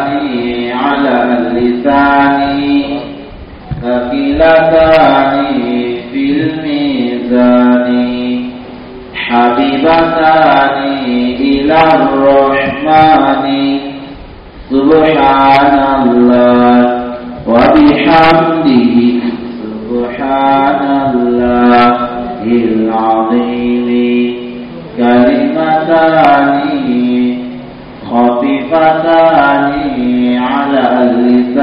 لساني على لساني ثقيلتان في الميزان حبيبتان إلى الرحمن سبحان الله وبحمده سبحان الله العظيم كلمتان خفيفتان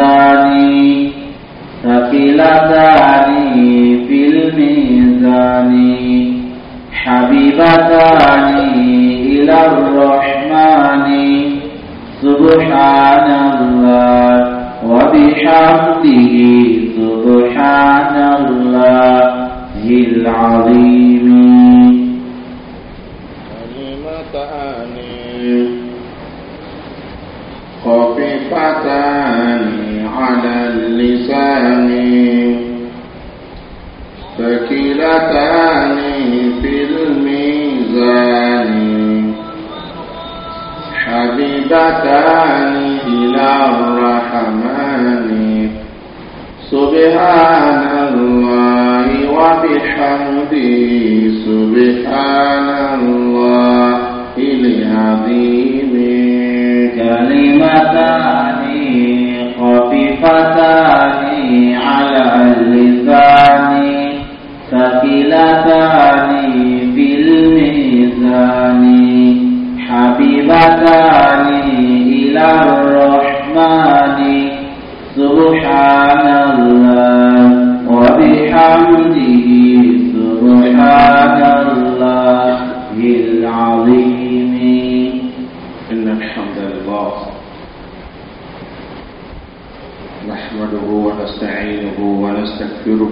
الميزان ثقيلتان في الميزان حبيبتان إلى الرحمن سبحان الله وبحمده سبحان الله العظيم خفيفتان لساني ثقيلتان في الميزان حبيبتان إلى الرحمن سبحان الله وبحمده سبحان الله العظيم كلمتان خفيفتان على اللسان ثقيلتان في الميزان حبيبتاني إلى الرحمن سبحان الله وبحمده سبحان الله العظيم نحمده ونستعينه ونستغفره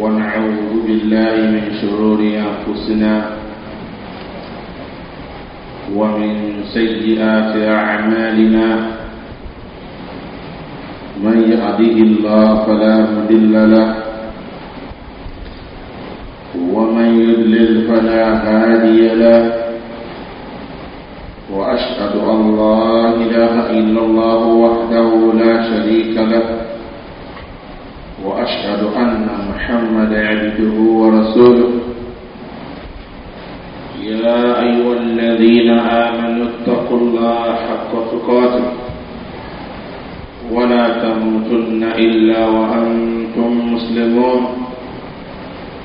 ونعوذ بالله من شرور أنفسنا ومن سيئات أعمالنا من يهده الله فلا مضل له ومن يضلل فلا هادي له وأشهد أن لا إله إلا الله وحده لا شريك له وأشهد أن محمد عبده ورسوله يا أيها الذين آمنوا اتقوا الله حق تقاته ولا تموتن إلا وأنتم مسلمون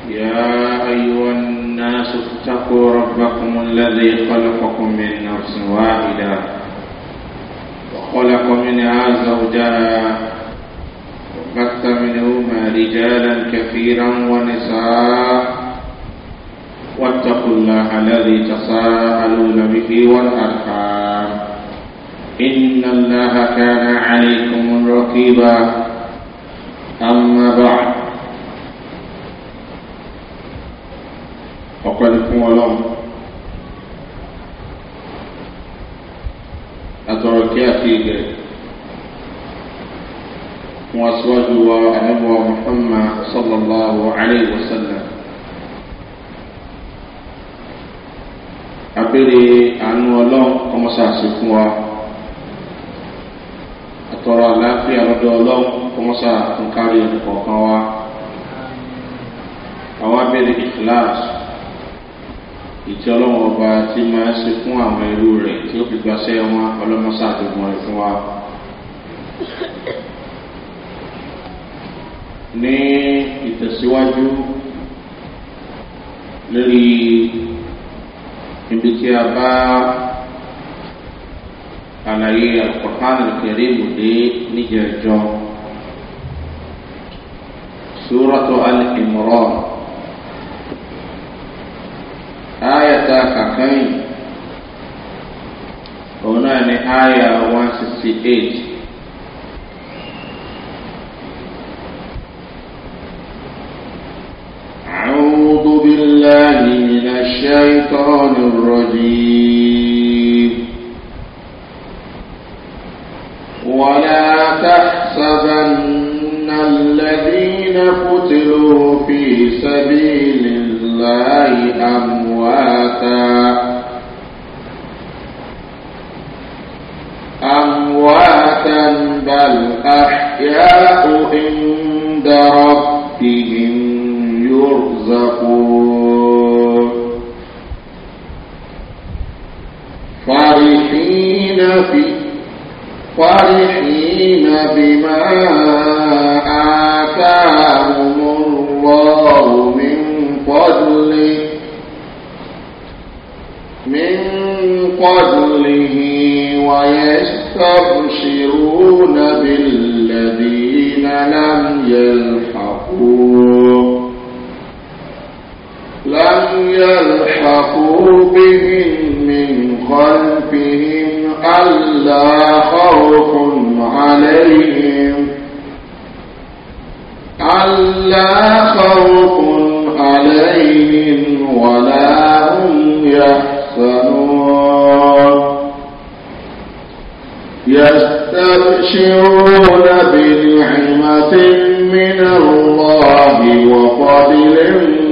يا أيها الناس اتقوا ربكم الذي خلقكم من نفس واحده خلق منها زوجها وبث منهما رجالا كثيرا ونساء واتقوا الله الذي تساءلون به والأرحام إن الله كان عليكم رقيبا أما بعد ti máa ṣe fún àwọn ẹrú rẹ̀ tí ó fi gbaṣẹ́ wọn ọlọ́mọṣà tó mọ ẹ fún wa. ní ìtẹ̀síwájú lórí ibi tí a bá àlàyé àkọ́kánù kẹrì ìmùdé níjẹ̀jọ sórọ́tò alìmọ̀rọ̀ ayẹ̀ta kàkẹ́yìn. Ayah آية 168. أعوذ بالله من الشيطان الرجيم ولا تحسبن الذين قتلوا في سبيل الله أمواتاً الأحياء عند ربهم يرزقون فرحين في فرحين بما آتاهم الله من فضله من فضله ويستبشرون بال لم يلحقوا لم يلحقوا بهم من خلفهم ألا خوف عليهم ألا خوف عليهم ولا هم يحسنون يستبشرون بنعمة من الله وفضل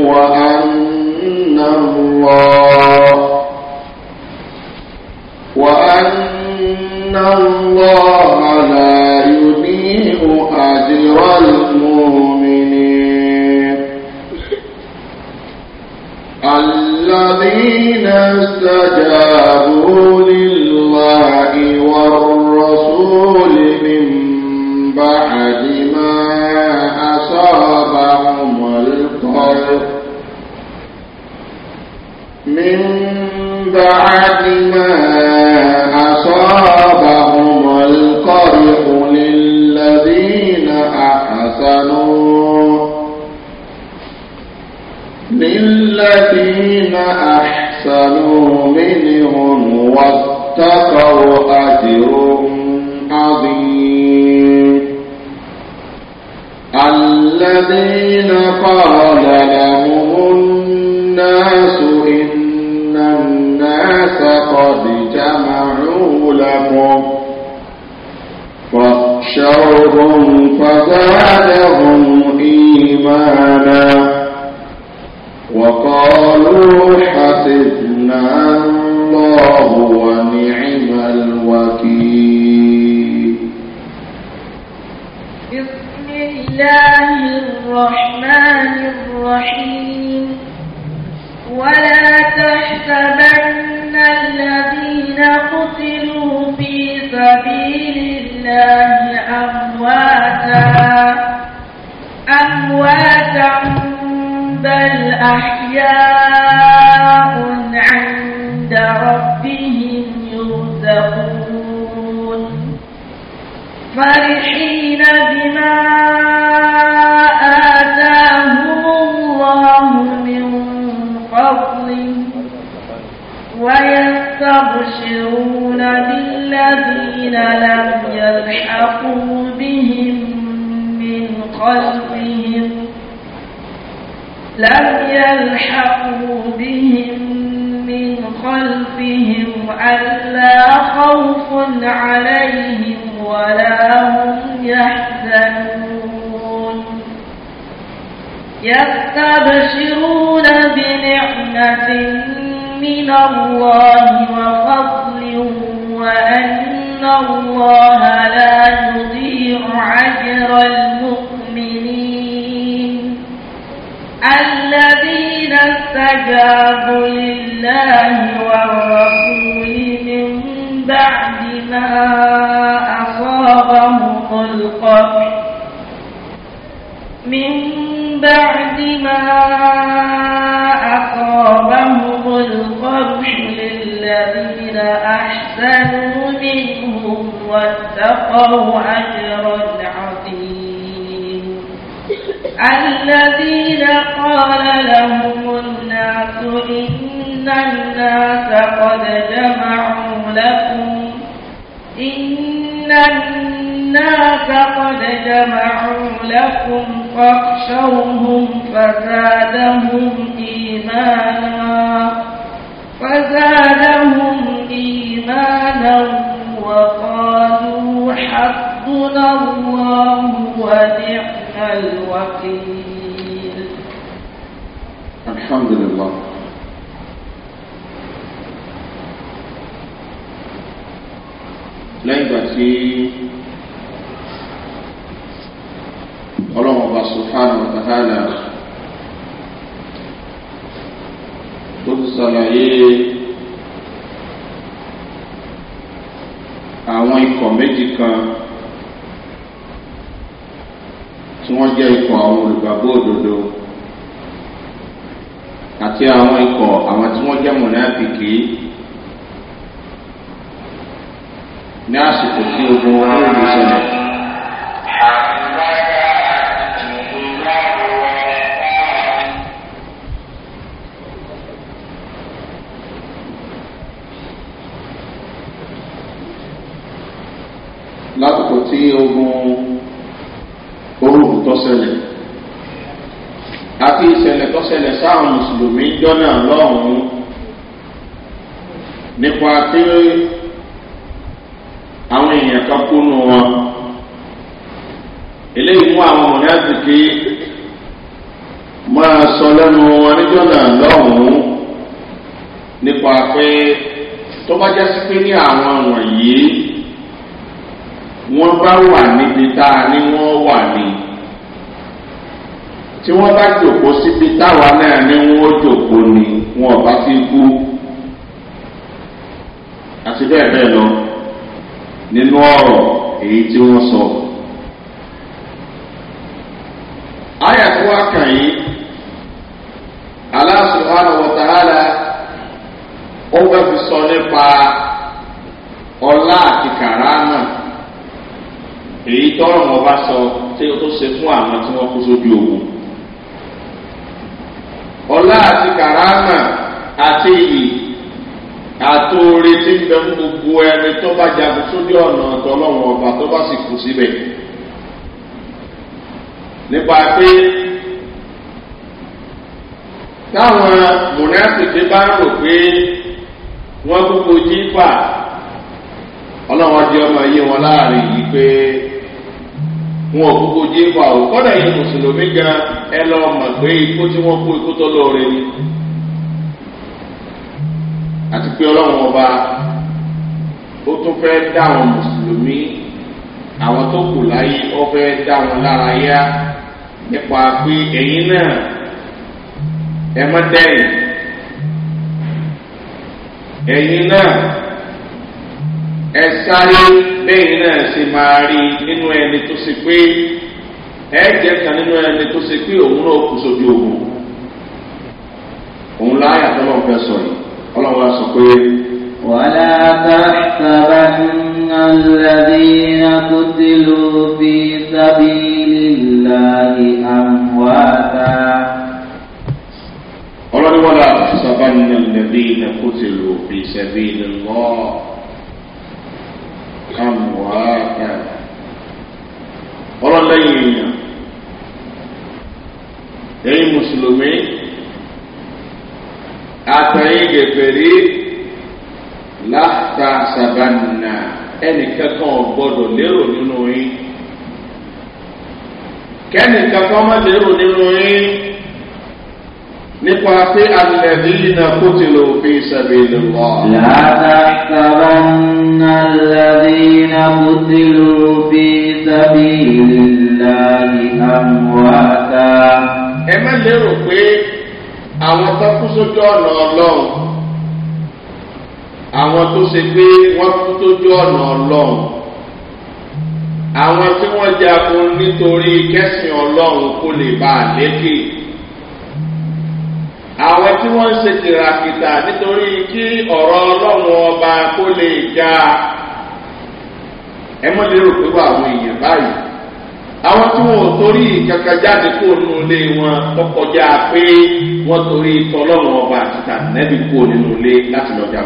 وأن الله وأن الله لا يضيع أجر المؤمنين الذين استجابوا لله من بعد ما أصابهم القرح للذين أحسنوا للذين أحسنوا منهم واتقوا أجر الذين قال لهم الناس إن الناس قد جمعوا لكم فاخشوهم فزادهم إيمانا وقالوا حسبنا الله ونعم الوكيل الله الرحمن الرحيم ولا تحسبن الذين قتلوا في سبيل الله أمواتا أمواتا بل أحياء عند ربهم يرزقون فرحين بما ويستبشرون بالذين لم يلحقوا بهم من خلفهم لم يلحقوا بهم من خلفهم ألا خوف عليهم ولا هم يحزنون يستبشرون بنعمة من الله وفضل وأن الله لا يضيع عجر المؤمنين الذين استجابوا لله والرسول من بعد ما أصابهم القبر من بعد ما أصابهم القرح للذين أحسنوا منهم واتقوا أجرا عظيم الذين قال لهم الناس إن الناس قد جمعوا لكم إن الناس الناس قد جمعوا لكم فاخشوهم فزادهم إيمانا فزادهم إيمانا وقالوا حقنا الله ونعم الوكيل الحمد لله لا يبقى tí ọba subhanahu wa ta'ala tó ti sàlàyé àwọn ikọ̀ méjì kan tí wọ́n jẹ́ ikọ̀ àwọn olùgbàgbọ́ òdodo àti àwọn ikọ̀ àwọn tí wọ́n jẹ́ mọ̀nàfìkì ní àsìkò tí ogun olùsọ̀rọ̀. sáwọn mùsùlùmí jọ́nà lọ́hùn-ún nípa pé àwọn èèyàn kan kúnnú wọn eléyìí mú àwọn mọ̀nàdìkì máa sọ lẹ́nu wọn níjọ́nà lọ́hùn-ún nípa pé tó bá jẹ́ sí pé ní àwọn wọ̀nyí wọ́n bá wà níbi tá a ní wọ́n wà ní tí wọ́n bá jòkó síbi táwa náà ní wọ́n jòkó ni wọn bá ti kú àti bẹ́ẹ̀ bẹ́ẹ̀ lọ nínú ọ̀rọ̀ èyí tí wọ́n sọ. àyà tí wọ́n kàn yìí aláṣùwárò wọ̀tàhálà ó fẹ́ fi sọ nípa ọlá àti kàràmà èyí tọ́rọ̀ wọn bá sọ tí o tó ṣe fún àwọn tí wọ́n kú sójú ogun ọlá àti kàrámà àti iyì àtòrè tí ń bẹ fún gbogbo ẹni tó bá jagun sójú ọ̀nà ọ̀tọ̀lọ́wọ̀n ọba tó bá sì kú síbẹ̀. nípa pé táwọn mùnásìtì bá ń rò pé wọ́n gbogbo jífà ọlọ́wọ́n di ọmọ yé wọn láàrin yìí pé. wọn gbogbo dé pa o kọ́dà yìí mùsùlùmí gan ẹ lọ mọ̀ pé ikú tí wọ́n kú ikú tó lóore ni àti pé ọlọ́run ọba ó tún fẹ́ dá àwọn mùsùlùmí àwọn tó kù láyé ó fẹ́ dá wọn lára yá nípa pé ẹ̀yin náà ẹ dẹ́yìn ẹ̀yin náà. ẹ sáré bẹ́ẹ̀ náà ṣe máa rí nínú ẹni tó ṣe pé ẹ jẹ́ kan nínú ẹni tó ṣe pé òun náà kù sójú ogun òun láyà tó lọ́wọ́ fẹ́ sọ yìí ọlọ́wọ́ sọ pé. wàlá tàbá nàlàdínà kò tí ló fi sábìlì láàyè àmúwàtà. ọlọ́dún wàlá tàbá nàlàdínà kò amwata ọlọ́lẹ́yìn èèyàn ẹ̀yin mùsùlùmí àtẹ̀yìn gẹ̀gẹ̀rí láta sàbànà ẹnìkankan ọ̀gbọ́dọ̀ lérò nínú yín kẹ́nìkankan má lérò nínú yín. nípa pé alẹ́bí iná kó ti lò fi ṣàbí lò wá. Láta sábà ń alẹ́bí iná kó ti lò fi ṣàbí lò láyé àmúwátá. Ẹ má lérò pé àwọn tó kú sójú ọ̀nà ọlọ́run àwọn tó ṣe pé wọ́n kú sójú ọ̀nà ọlọ́run àwọn tí wọ́n jagun nítorí kẹ́sìn ọlọ́run kó lè bá a lékè. tí wọ́n ń ṣe tìràkìtà nítorí kí ọ̀rọ̀ ọlọ́run ọba kó lè ga ẹ mọ́ lérò pé wà àwọn èèyàn báyìí àwọn tí wọn ò torí kankan jáde kó wọn tó pé wọ́n torí ọba kó nínú ilé láti ẹ rò pé wà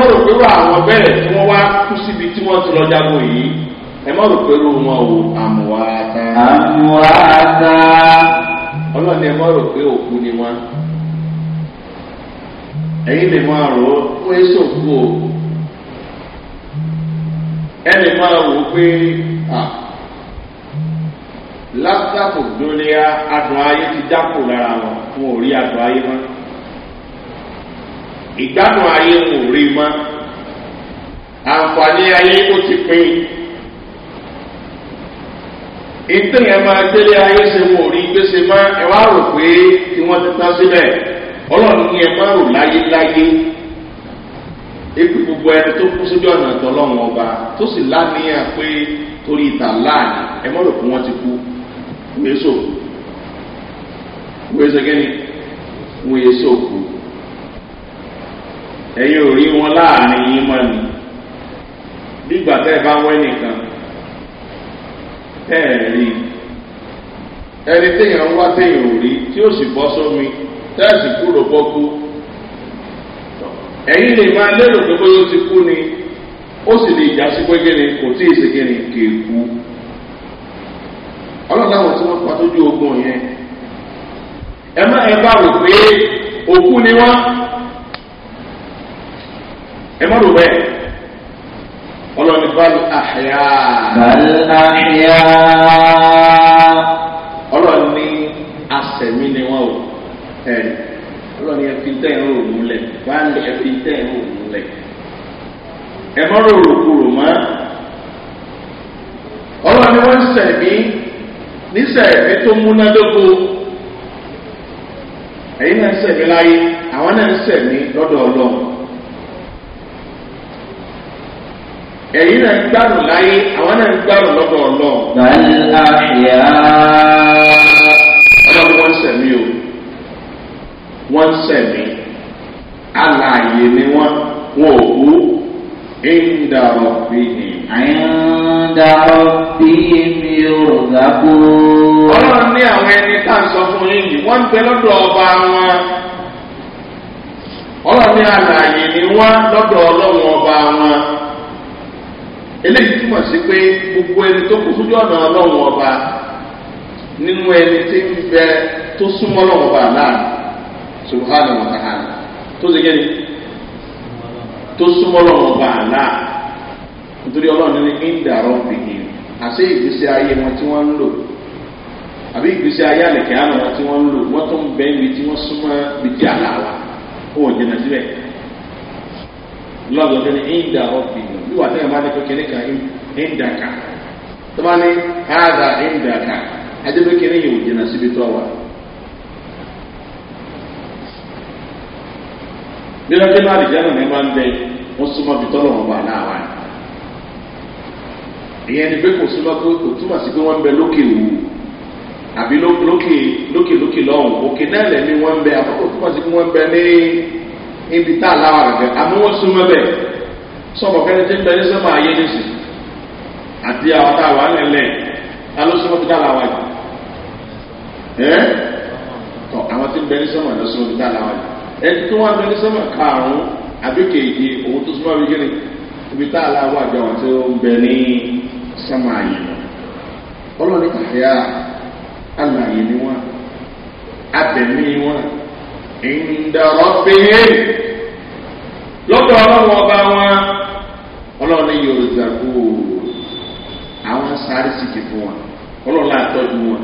àwọn tí wá kú síbi tí ti yìí ẹ rò pé ló wọn àmúwáta. àmúwáta. ẹ̀yin lè máa rò ó fún èso kú o ẹ lè máa wò ó pé látàkù dúnlẹ́yà adùn ayé ti dákò lára wọn fún òrí adùn ayé mọ́ ìgbádùn ayé ń rí mọ́ àǹfààní ayé ó ti pín ìtẹ̀yẹ̀ máa ayé ṣe wò rí gbèsè mọ́ ẹ rò pé tí wọ́n ti tán síbẹ̀ ọlọ́run ní ẹ má rò láyéláyé ebi gbogbo ẹni tó kú sójú ọ̀nà ìtọ́lọ́run ọba tó sì láníyàn pé torí ìta láàyè ẹ má rò pé wọ́n ti kú wọ́n èso wọ́n èso kẹ́ni wọ́n èso kú ẹ̀yin ò rí wọn láàrin yín mọ́ ni nígbà tẹ́ ẹ bá wẹ́ nìkan tẹ́ ẹ rí ẹni téèyàn wá téèyàn ò rí tí ó sì bọ́ sómi. tẹ́ẹ̀sì kúrò bọ́ kú ẹ̀yin lè máa lérò pé bóyá ni ó sì lè já sí pé kíni kò tí ì ṣèkíni kì í kú ọlọ́dà wọn tí wọ́n pa tójú ogun yẹn ẹ má ẹ bá rò pé òkú ni ẹ má rò tẹ̀ ń rò múlẹ̀ báàlì ẹ fi tẹ̀ ń rò múlẹ̀ ẹ mọ́ rò rò kúrò mọ́ ọlọ́ni wọ́n ń sẹ̀mí ní sẹ̀mí tó múnádógó ẹ̀yin náà ń sẹ̀mí láyé àwọn náà ń sẹ̀mí lọ́dọ̀ ọlọ́run ẹ̀yin náà ń gbàrún láyé àwọn náà ń gbàrún lọ́dọ̀ ọlọ́run. bàálù àṣìyá. ọlọ́run wọ́n ń sẹ̀mí o wọ́n ń sẹ̀mí. alàyè ni wọ́n wọn ò kú ìdàrọ̀ bìhì. àyàndàrọ̀ bìhì mi ò gàgbó. ọlọ́run ní àwọn ẹni tá à sọ fún yín yìí bẹ ọba wọn ọlọ́run ní alàyè ni wọ́n lọ́dọ̀ ọba wọn eléyìí túmọ̀ sí pé gbogbo ẹni tó kú ọba nínú ẹni tí ń bẹ tó súnmọ́ ọba subhanahu wa ta'ala. tó ṣe kí tó súnmọ́ lọ́wọ́ bá a náà nítorí ọlọ́run ní ìdàrọ́ bìkì àṣé ìgbésí ayé wọn tí wọ́n ń lò àbí ìgbésí ayé àlẹ̀kẹ́ àná wọn tí wọ́n ń lò wọ́n tó bẹ́ ibi tí wọ́n súnmọ́ ó síbẹ̀ lọ́dọ̀ ní ìdàrọ́ bí wàá tẹ́lẹ̀ nílọ́jẹ́ náà àlìjáná ní máa ń bẹ wọ́n súnmọ́ bí tọ́lọ̀ wọn wà náà wà. ìyẹn ni pé kò súnmọ́ pé kò túmọ̀ sí pé wọ́n ń bẹ lókè wù àbí lókè lókè lókè lọ́hùn òkè náà lẹ́ni wọ́n ń bẹ àkókò túmọ̀ sí pé wọ́n ń bẹ ní ibi tá a láwà rẹ̀ àmọ́ wọ́n súnmọ́ bẹ́ẹ̀ sọ̀rọ̀ kẹ́ni tí ń bẹ ní sọ́mọ́ ayé nísì àti àwọn tá a wà lẹ́lẹ̀ ta ló súnmọ́ bí tá ẹ́ tọ́ àwọn tí ń bẹ ní sọ́mọ́ ló súnmọ́ ẹni tó wà mẹ́lẹ́ sọ́mà karùn-ún àbí kèje òun tó súnmọ́ wíkẹ́ni ibi tá a láwọ́ àjọ àti ọ̀bẹ ní sọ́mà yìí ọlọ́ọ̀ni kàfíà alàyè ni wọ́n abẹ̀mí wọn ìdọ̀rọ̀ bẹ́ẹ̀ lọ́dọ̀ ọlọ́wọ́ ọba wọn ọlọ́ọ̀ni yóò zàgbó àwọn sáré sìkì fún wọn ọlọ́ọ̀ni àtọ́jú wọn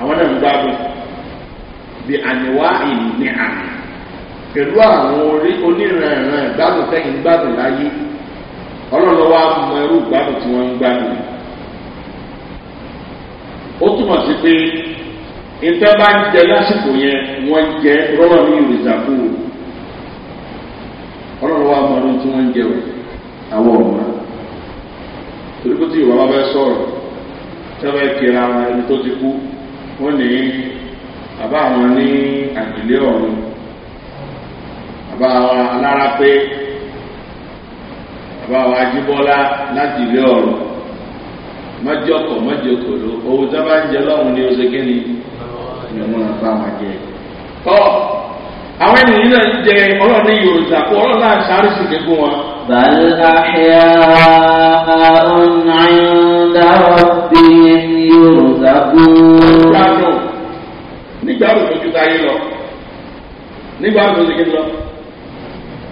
àwọn náà ń gbádùn bí àníwá ìní àná pẹ̀lú àwọn oníranran ìgbádùn tẹ́yìn gbádùn láyé ọlọ́lọ́wọ́ á mọ irú ìgbádùn tí wọ́n ń gbádùn. ó túmọ̀ sí pé ìtẹ́ bá ń jẹ lásìkò yẹn wọ́n ń jẹ rọ́rọ̀ ní ìrìsàkú ọlọ́lọ́wọ́ á mọ irú tí wọ́n ń jẹ àwọn ọ̀mọ́ torí kó tí ìwà bá fẹ́ sọ̀rọ̀ tẹ́lẹ̀ kiri ẹni tó ti kú wọ́n ní àbá àwọn ní àgbélé ọ̀run. bàbá wa alára wa ajíbọ́lá láti ilé ọ̀run mọ́jọ́kọ̀ mọ́jọ́kòló owó tó bá ń jẹ lọ́run ní oṣù kínní ni wọ́n bá wa jẹ. tọ́ àwọn ènìyàn náà ń jẹ ọlọ́run ní yorùbá kó ọlọ́run náà sáré sí ní fún wọn. بل أحياء عند ربهم يرزقون nígbà wo lójú táyé lọ nígbà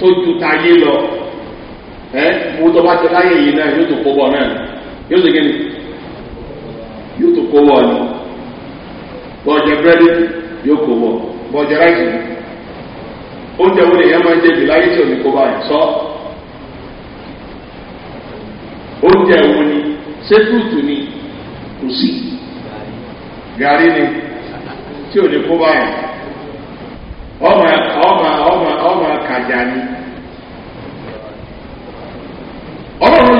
tó ju tayé lọ ẹ mo tó bá ti láyé yìí náà yóò tó kó bọ náà yóò tó kéde yóò tó kó bọ ni bọ̀jẹ̀ búrẹ́dì yóò kó bọ bọ̀jẹ̀ ráìsì oúnjẹ wo lèyàn máa ń jẹ láyé tí omi kó báyìí sọ oúnjẹ wo ni sétúùtù ni kò sí gàrí ni tí ò ní kó báyìí.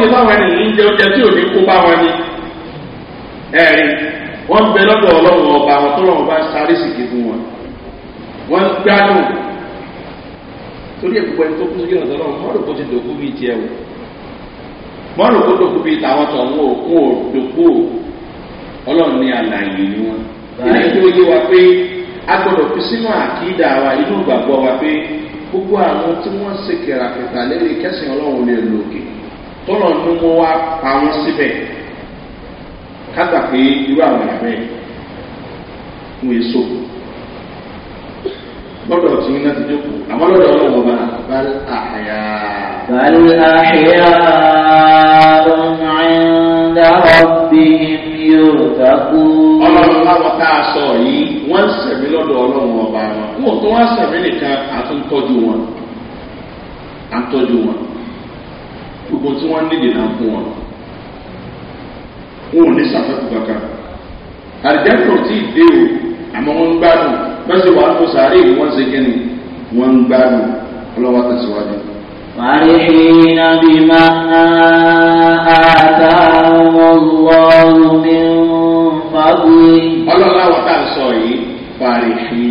ṣe báwọn ẹni yìí ń jẹ oúnjẹ tí ò ní kó bá wọn ni ẹ̀rí wọ́n bẹ lọ́dọ̀ ọlọ́run ọba àwọn tó lọ́wọ́ bá sáré sìkì fún wọn wọ́n gbádùn torí ẹ̀kúpẹ́ tó kú sí ọ̀dọ́ lọ́wọ́ mọ́rùn kó ti dòkú bíi tiẹ̀ wò mọ́rùn kó dòkú bíi tàwọn tó ń wò kó o dòkú o ọlọ́run ní àlàyé ni wọn. ilé ìlú yé wa pé a gbọ́dọ̀ fi sínú àkídà wa inú ìgbàgbọ́ wa pé gbogbo àwọn tí wọ́n ṣe kẹ̀ràkẹ̀tà lẹ́yìn kẹsàn-án ọlọ́run lè lòkè tọ́lọ̀ ló mọ́ wá pa wọ́n síbẹ̀ kágbà pé irú àwọn èèyàn bẹ́ẹ̀ wọ́n èso lọ́dọ̀ tí iná ti jókòó àmọ́ lọ́dọ̀ ọlọ́wọ́ bá bá àyà. bàálù àṣeyà ọ̀hún àyíǹda ọ̀bí yóò dákú. ọlọ́run láwọn tá a sọ yìí wọ́n ń sẹ̀mí lọ́dọ̀ ọlọ́run ọba wọn. wọn tó wá sẹ̀mí nìkan àtúntọ́jú wọn àtúntọ́jú wọn gbogbo tí wọ́n nílè náà fún wọn wọn ò ní sàfẹ́kù kankan àdìjẹ́kùn tí ì dé o àmọ́ wọ́n ń gbádùn bẹ́sẹ̀ wàá tó sàárè wọ́n ṣe kẹ́ni wọ́n ń gbádùn ọlọ́wọ́ tẹ̀síwájú. فرحين بما آتاهم الله من فضله ọlọ́lá wọ́n tà ń sọ yìí fàrìhìn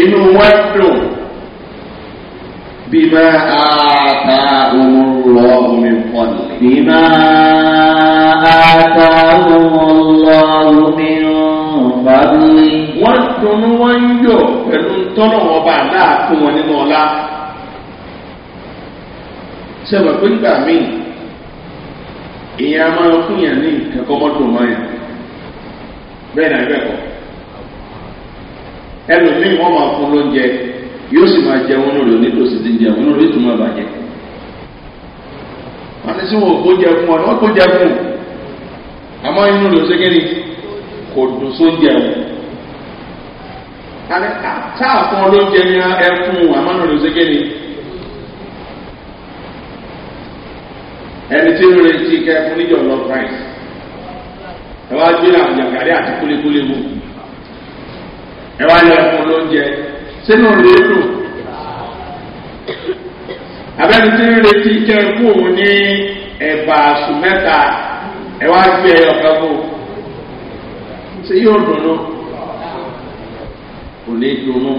inú wọn dùn bímọ àtà òmùrọ̀ omi pọ̀lì. bímọ àtà òmùrọ̀ omi pọ̀lì. wọ́n dunnú wọ́n yọ̀ pẹ̀lú tọ́nà ọba láàfin wọn nínú ọlá. sẹ́wọ̀n pé nígbà míì èèyàn máa ń fún yàn ní nǹkan kọ́mọ́tò mọ́ yàn bẹ́ẹ̀ náà bẹ́ẹ̀ kọ́ ẹlòmíì wọn máa fún lóúnjẹ yóò sì máa jẹun lórí onítòsí ti jẹun lórí ìtumọ̀ ìbàjẹ́ wọn ní sí wọn ò gbójẹ fún ọ wọn gbójẹ fún àmọ́ inú ló ṣe kéde kò dùn sóúnjẹ o alẹ́ táà fún ọ lóúnjẹ ní ẹkún àmọ́ inú ló ṣe kéde ẹni tí ó retí kẹfún níjọ lọ christ ẹ wá gbé àwọn jàǹkàrí àti kúlíkúlí mu. ẹ wá lẹ fún lóúnjẹ sínú abẹ́ni tí ń retí kẹ́kù ní ẹ̀bà sùn ẹ wá gbé bò ṣé yóò dùnú kò ní dùnú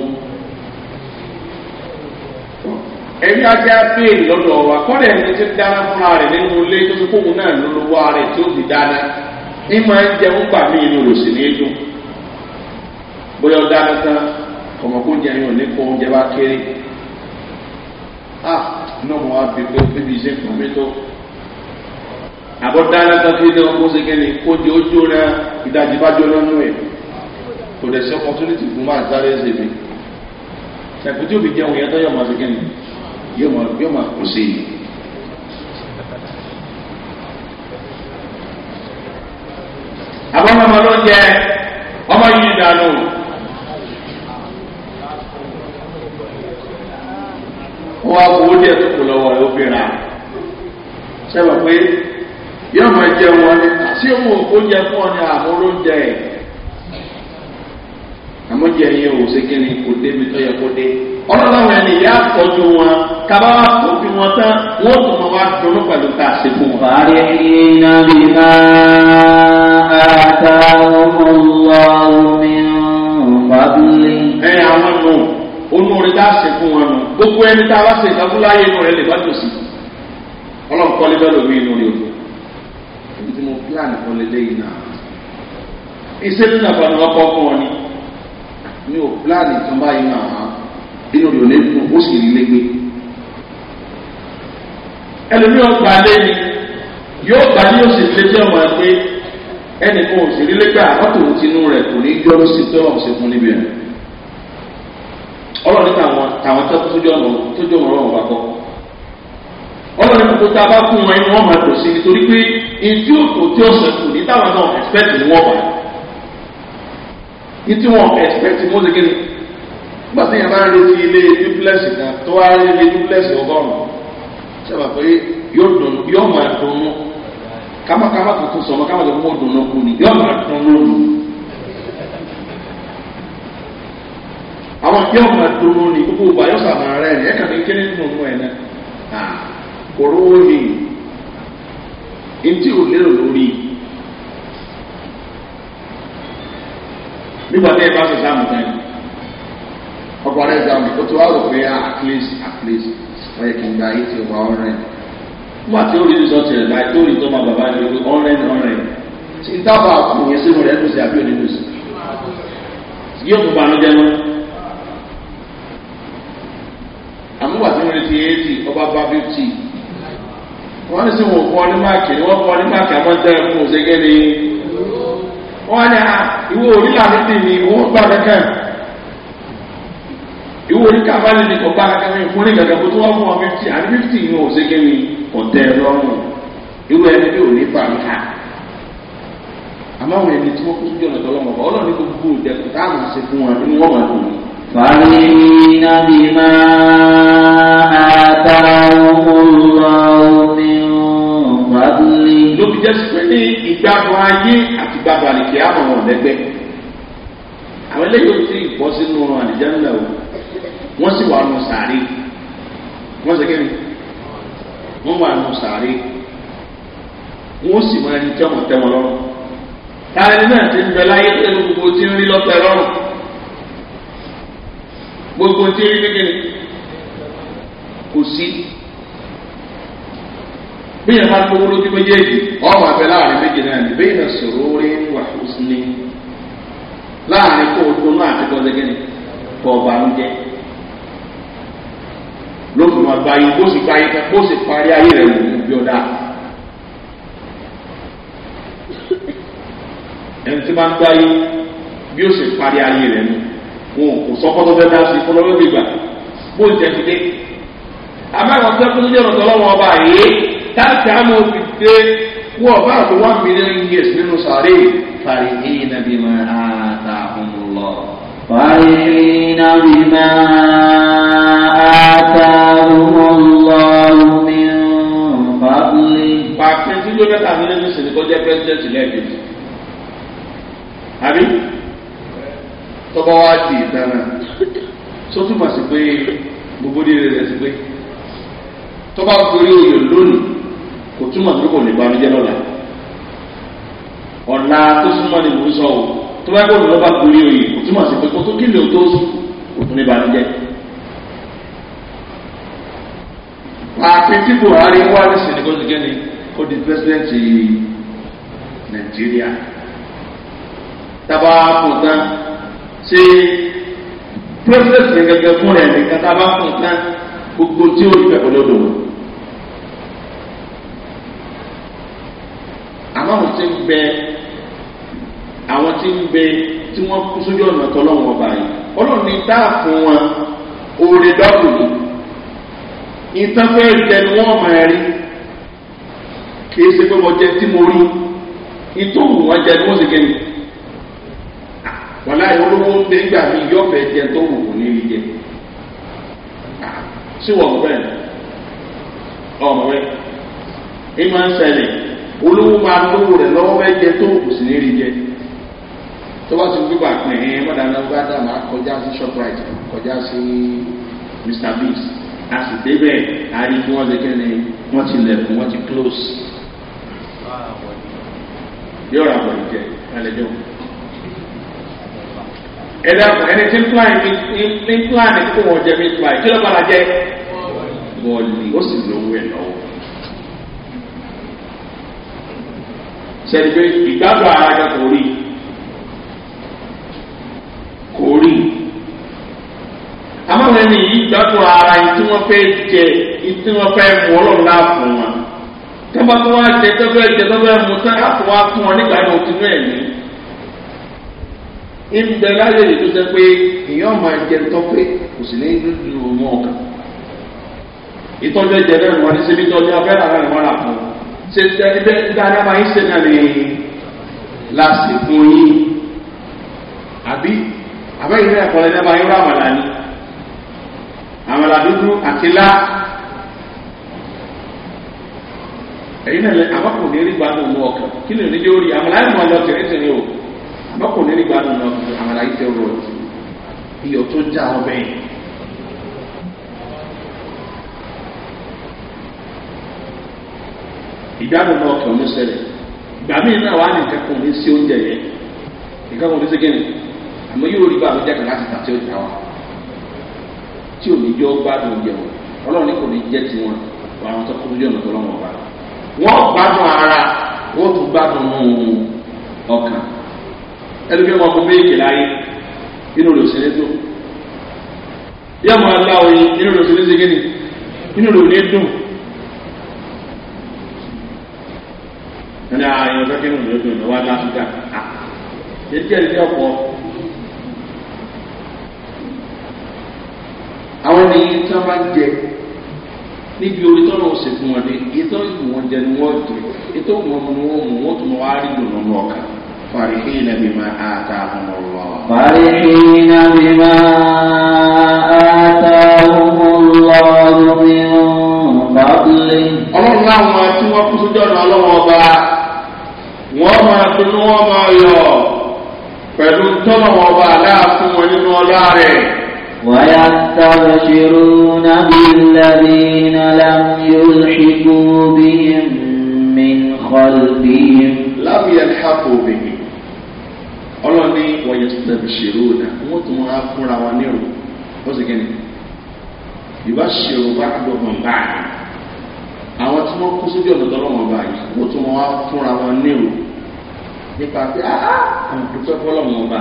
ẹni ajá béèrè lọ́dọ̀ wa ẹni tí dáná fúnra rẹ̀ nínú ilé tó náà lólówó rẹ̀ bóyá ọdá kankan ọmọkúnjẹ yẹn ò ní kó oúnjẹ bá kéré a ah, náà mo wá bí pé bíbí iṣẹ́ fún mi tó àbọ̀dá kankan kí ní ọkọ̀ ṣe kẹ́ni kó di ojú rẹ ìdajì bá jọ lọ́nú ẹ̀ kò dẹ̀ sí opportunity fún máa sáré ṣe mi ṣàkóso òbí jẹun yẹn tó yọ̀ máa ṣe kẹ́ni yóò máa kù sí i. àbọ̀mọ̀mọ̀ ló ń jẹ ọmọ yìí dànù. kó wá kó díẹ̀ tó kù lọ́wọ́ rẹ̀ ó fi ra sẹ́wọ̀n pé yóò máa jẹ wọn ni àti òun kó jẹ fún ọ ní àmọ́ ló jẹ ẹ̀ àmọ́ jẹ yẹn ò ṣe kíni kò débi tó yẹ kó dé ọlọ́láwọn ẹni ìyá àtọ́jú wọn kábà wà tó fi wọn tán wọ́n tó máa wá dúró pẹ̀lú tá ṣe fún wọn. bàárẹ̀ ẹ̀yìn náà lè máa àtàwọn ọmọ ọlọ́run mi ń fàbílẹ̀. ẹ àwọn nù olóore tá a ṣe fún wọn nù gbogbo ẹni tá a bá ṣe ìtàkùn láyé inú rẹ lè má dùn sí ọlọ́run kọ́lé bẹ́ẹ̀ lómi inú rẹ o èmi tí mo plan kọ́lé lẹ́yìn náà iṣẹ́ nínú àbọ̀ ni wọ́n kọ́ fún wọn ni mi ò plan ìtàn báyìí náà wá inú rẹ ò lè dùn ó sì rí lẹ́gbẹ́ ẹlòmíràn gbà lé ni yóò gbà ní yóò sì rí lẹ́jẹ́ ọmọ ẹ pé ẹnì kan ò sì rí lẹ́gbẹ́ àwọn tòun tinú rẹ̀ kò ní jọ́ ló sì tọ́ ọ̀sẹ̀ fún ọlọ́run táwọn táwọn tó tójú ọ̀nà tójú ọ̀nà kọ́ ọlọ́run tá a bá fún wọn inú wọn máa tò sí nítorí pé ìdí òkò tí ó sẹ̀kù ní táwọn náà expect ni wọ́n tí wọ́n expect ti nígbà tí yẹn bá ń retí ilé duplex kan tó wá rí ilé duplex ọgọ́rùn-ún sábà pé yóò máa dùn àwọn tí ọmọ dúró ní gbogbo ìgbà yóò sàmà rẹ ní ẹka ní kíni nínú ọmọ ẹ náà kò rówó ni ntí ò lérò lórí nígbà tí ẹ bá ṣe sáàmù tán ọkọ rẹ sáàmù tó tó wà rò pé at least at least wọ́n yẹ kí n gba eighty over hundred nígbà tí ó rí result rẹ̀ láì tó rí tó máa bàbá rẹ̀ wí hundred hundred ìtàbà kù yẹn sínú rẹ̀ ẹ̀dùn sí àbí onídùn sí yóò tó bá a jẹ́ náà àmúgbà tí wọ́n retí eighty ọba bá fifty wọ́n ní sí wọn kọ́ ní máàkì ni wọ́n kọ́ ní máàkì àmọ́ tẹ́ ẹ fún òṣèké ni wọ́n ní ah, ìwé orí làbíbí ni wọ́n gbà kẹ́kẹ́ ìwé orí kábàlì ni kò bá kẹ́kẹ́ mi fún ní gàgà kó tó wọ́n fún wọn fifty àti fifty ni òṣèké ni kò tẹ́ ẹ lọ́rùn ìwé ẹni bí òní fà mí hà àmọ́ àwọn ẹni tí wọ́n kó sójú ọ̀nà tọ́lọ́mọ̀ ọlọ́ọ̀ni gbogbo فرحين بما آتاهم الله من فضله. ló fi jẹ́ sípé ìgbàgbọ́ ayé àti gbàgbọ́ àlèkè àmọ̀ wọn àwọn eléyìí ò tí ì bọ́ sínú àlìjáńlá o wọ́n sì wà nù sàárè wọ́n sì kẹ́mi wọ́n wà nù sàárè wọ́n sì máa ní tí ọmọ lọ́rùn. táyà ní náà ti ń bẹ láyé tẹ́lẹ̀ gbogbo tí ń rí lọ́tẹ̀ lọ́rùn gbogbo tí ń rí kékeré kò sí bíyà máa ń gbowó lójú méjèèjì ọmọ abẹ láàrin méjì náà ní bíyà sòrò orí wà fúsùn ní láàrin kó o dúró náà àti kọ́sẹ́gẹ́ ni kọ́ ọba ń jẹ́ lókùn máa gba yín bó sì gba yín bó sì parí ayé rẹ̀ wò ó bí ọ̀dà. ẹni tí máa gba yín bí ó sì parí ayé rẹ̀ nù wọn kò sọ́kọ́tọ́ fẹ́ bá sí fọlọ́ lórí ìgbà bó ń jẹ fìdé. àmọ́ àwọn tó tó jẹ́ ọ̀dọ́ lọ́wọ́ ọba yìí táàkì àmọ́ ti dé wọ́n ọba àti one million years nínú sàárè fàrìhì nàbí máa ta ọmọ lọ. fàrìhì nàbí máa ta ọmọ lọ mi fàbílì. pàṣẹ tí ló mẹ́ta mi nínú sèǹkọ́jẹ́ pẹ́sidẹ́ntì lẹ́ẹ̀kejì. àbí tọ́ba wá di ìdáná tó túmọ̀ sí pé gbogbo díẹ̀ rẹ̀ sí pé tọ́ba gorí oyè lónìí kò túmọ̀ sí pé kò lè bá mi jẹ́ lọ́la ọ̀la tó súnmọ́ ni mò ń sọ o tọ́ba kò lè bá gorí oyè kò túmọ̀ sí pé kò tó kílè tó sùn kò tún lè bá mi buhari wá nísìnyí kó ti gé ni ó di pẹ́sidẹ́ǹtì nàìjíríà tábà kò tán ṣe process rẹ̀ gẹ́gẹ́ fún rẹ̀ nìkan tá a bá fún un tán gbogbo tí ó rí pẹ̀lú lọ́dọ̀ wọn. àmọ́ ti ń bẹ àwọn ti ń bẹ tí wọ́n kú sójú ọ̀nà tọ́lọ́wọ́n ọba yìí ọlọ́run ní dá fún wọn òòrè dọ́kùnrin ìtafẹ́ ìdẹnu wọn máa rí kì í ṣe pé mo jẹ tí mo rí ìtòhùn wọn jẹ tí wọ́n sì kẹ́yìn wọn láyé olówó ń bẹ gbà mí yọ fẹ jẹ tó wù kò ní rí jẹ sí wọn bẹ ọmọ rẹ ẹ máa ń sẹlẹ olówó máa lówó rẹ lọwọ bẹ jẹ tó wù sí ní rí tó bá ti gbígbà pé ẹ mọ̀dà náà máa kọjá sí shoprite kọjá sí mr beast a sì débẹ̀ a rí kí wọ́n lè kẹ́ni wọ́n ti lẹ̀kùn wọ́n ti close yóò rà wọ̀nyí jẹ alẹ́ jẹun ẹ̀dá ẹni tí ń plan mi ń plan mi kó wọ́n jẹ mi plan kí ló padà jẹ bọ́ọ̀lì ó sì lówó ẹ̀ lọ́wọ́. sẹ́ni pé ìgbádùn ara jẹ́ kò rí kò rí amáwọn ẹni yìí ìgbádùn ara yìí tí wọ́n fẹ́ jẹ tí wọ́n fẹ́ mú ọlọ́run láàfún wọn tọ́ba tó jẹ tọ́ba jẹ tọ́ba mú tán àtúwá fún ọ nígbà yóò tún náà ní ìbẹ̀ láyé yìí tó jẹ́ pé èèyàn máa jẹ tọ́pẹ́ kò sì ní dúdú mọ́ ọ̀kan ìtọ́jú ẹ̀jẹ̀ bẹ́ẹ̀ wọ́n ní síbi tọ́jú abẹ́rẹ́ àwọn ìwọ́n rà fún un ṣe ibẹ̀ dáadáa máa ń ṣe náà ní lásìkò yìí àbí àbẹ́yìn náà kọ́lẹ́ náà máa ń rà màlá ni àmàlà dúdú àti lá èyí náà lẹ́ àbákùnrin rí gbàgbọ́ ọ̀kan kí lè ní yóò rí àmàlà ìmọ̀lẹ́ ọ̀tẹ̀rẹ̀tẹ̀rẹ̀ o lọ́kùnrin nígbà tó lọ àmàlà yìí tẹ́ rọ̀ iyọ̀ tó já ọbẹ̀ yìí. ìdáhùn náà kàn ní sẹ́lẹ̀ ìgbà míì náà wàá ní nǹkan kan ní sí oúnjẹ yẹn nǹkan kan ní sí kíni àmọ́ yóò rí bá àwọn jẹ́kàn láti tà tí ó jà wá tí ò ní jọ́ gbádùn oúnjẹ wọn ọlọ́run ní kò ní jẹ́ tiwọn wà àwọn tó kó lójú ọ̀nà tó lọ́wọ́ wa wọ́n gbádùn ara wọ́n tún gbádùn ọkàn ẹlòmí ọmọ ọkọ méjì láyé inú rẹ̀ òsèlè dùn yá mọ aláwọ̀ yìí inú rẹ̀ òsèlè ṣe kíni inú rẹ̀ òní dùn ẹni àyàn fẹ́ kí inú rẹ̀ dùn lọ́wọ́ aláfíà ètí ẹni tí ọ̀pọ̀ àwọn ènìyàn tí wọ́n bá jẹ níbi orí tọ́nà òsè fún wọn ni ètò ìwọ̀n jẹ ni wọ́n jẹ ètò ìwọ̀n mu ni wọ́n mú wọ́n tún wá rí dùn lọ́nà فرحين بما آتاهم الله فرحين بما آتاهم الله من فضله ọlọ́run láwọn máa tí wọ́n kú sójú ọ̀nà ọlọ́wọ́ ọba wọ́n máa dunú wọ́n máa yọ pẹ̀lú tọ́lọ́wọ́ ọba aláàfin wọn nínú ọlá ويستبشرون بالذين لم يلحقوا بهم من خلفهم لم يلحقوا بهم ọlọ́ni wọ̀nyẹ sẹ́mi ṣèrò náà wọ́n tún wá fúnra wọn nírò ó sì kíni ìbá ṣèrò bá àdọ̀gbọ̀n báyìí àwọn tí wọ́n kú sójú ọ̀dọ̀ tọ́lọ́wọ́n báyìí wọ́n tún wá fúnra wọn nírò nípa pé àwọn dúpẹ́ fọlọ́wọ́n bá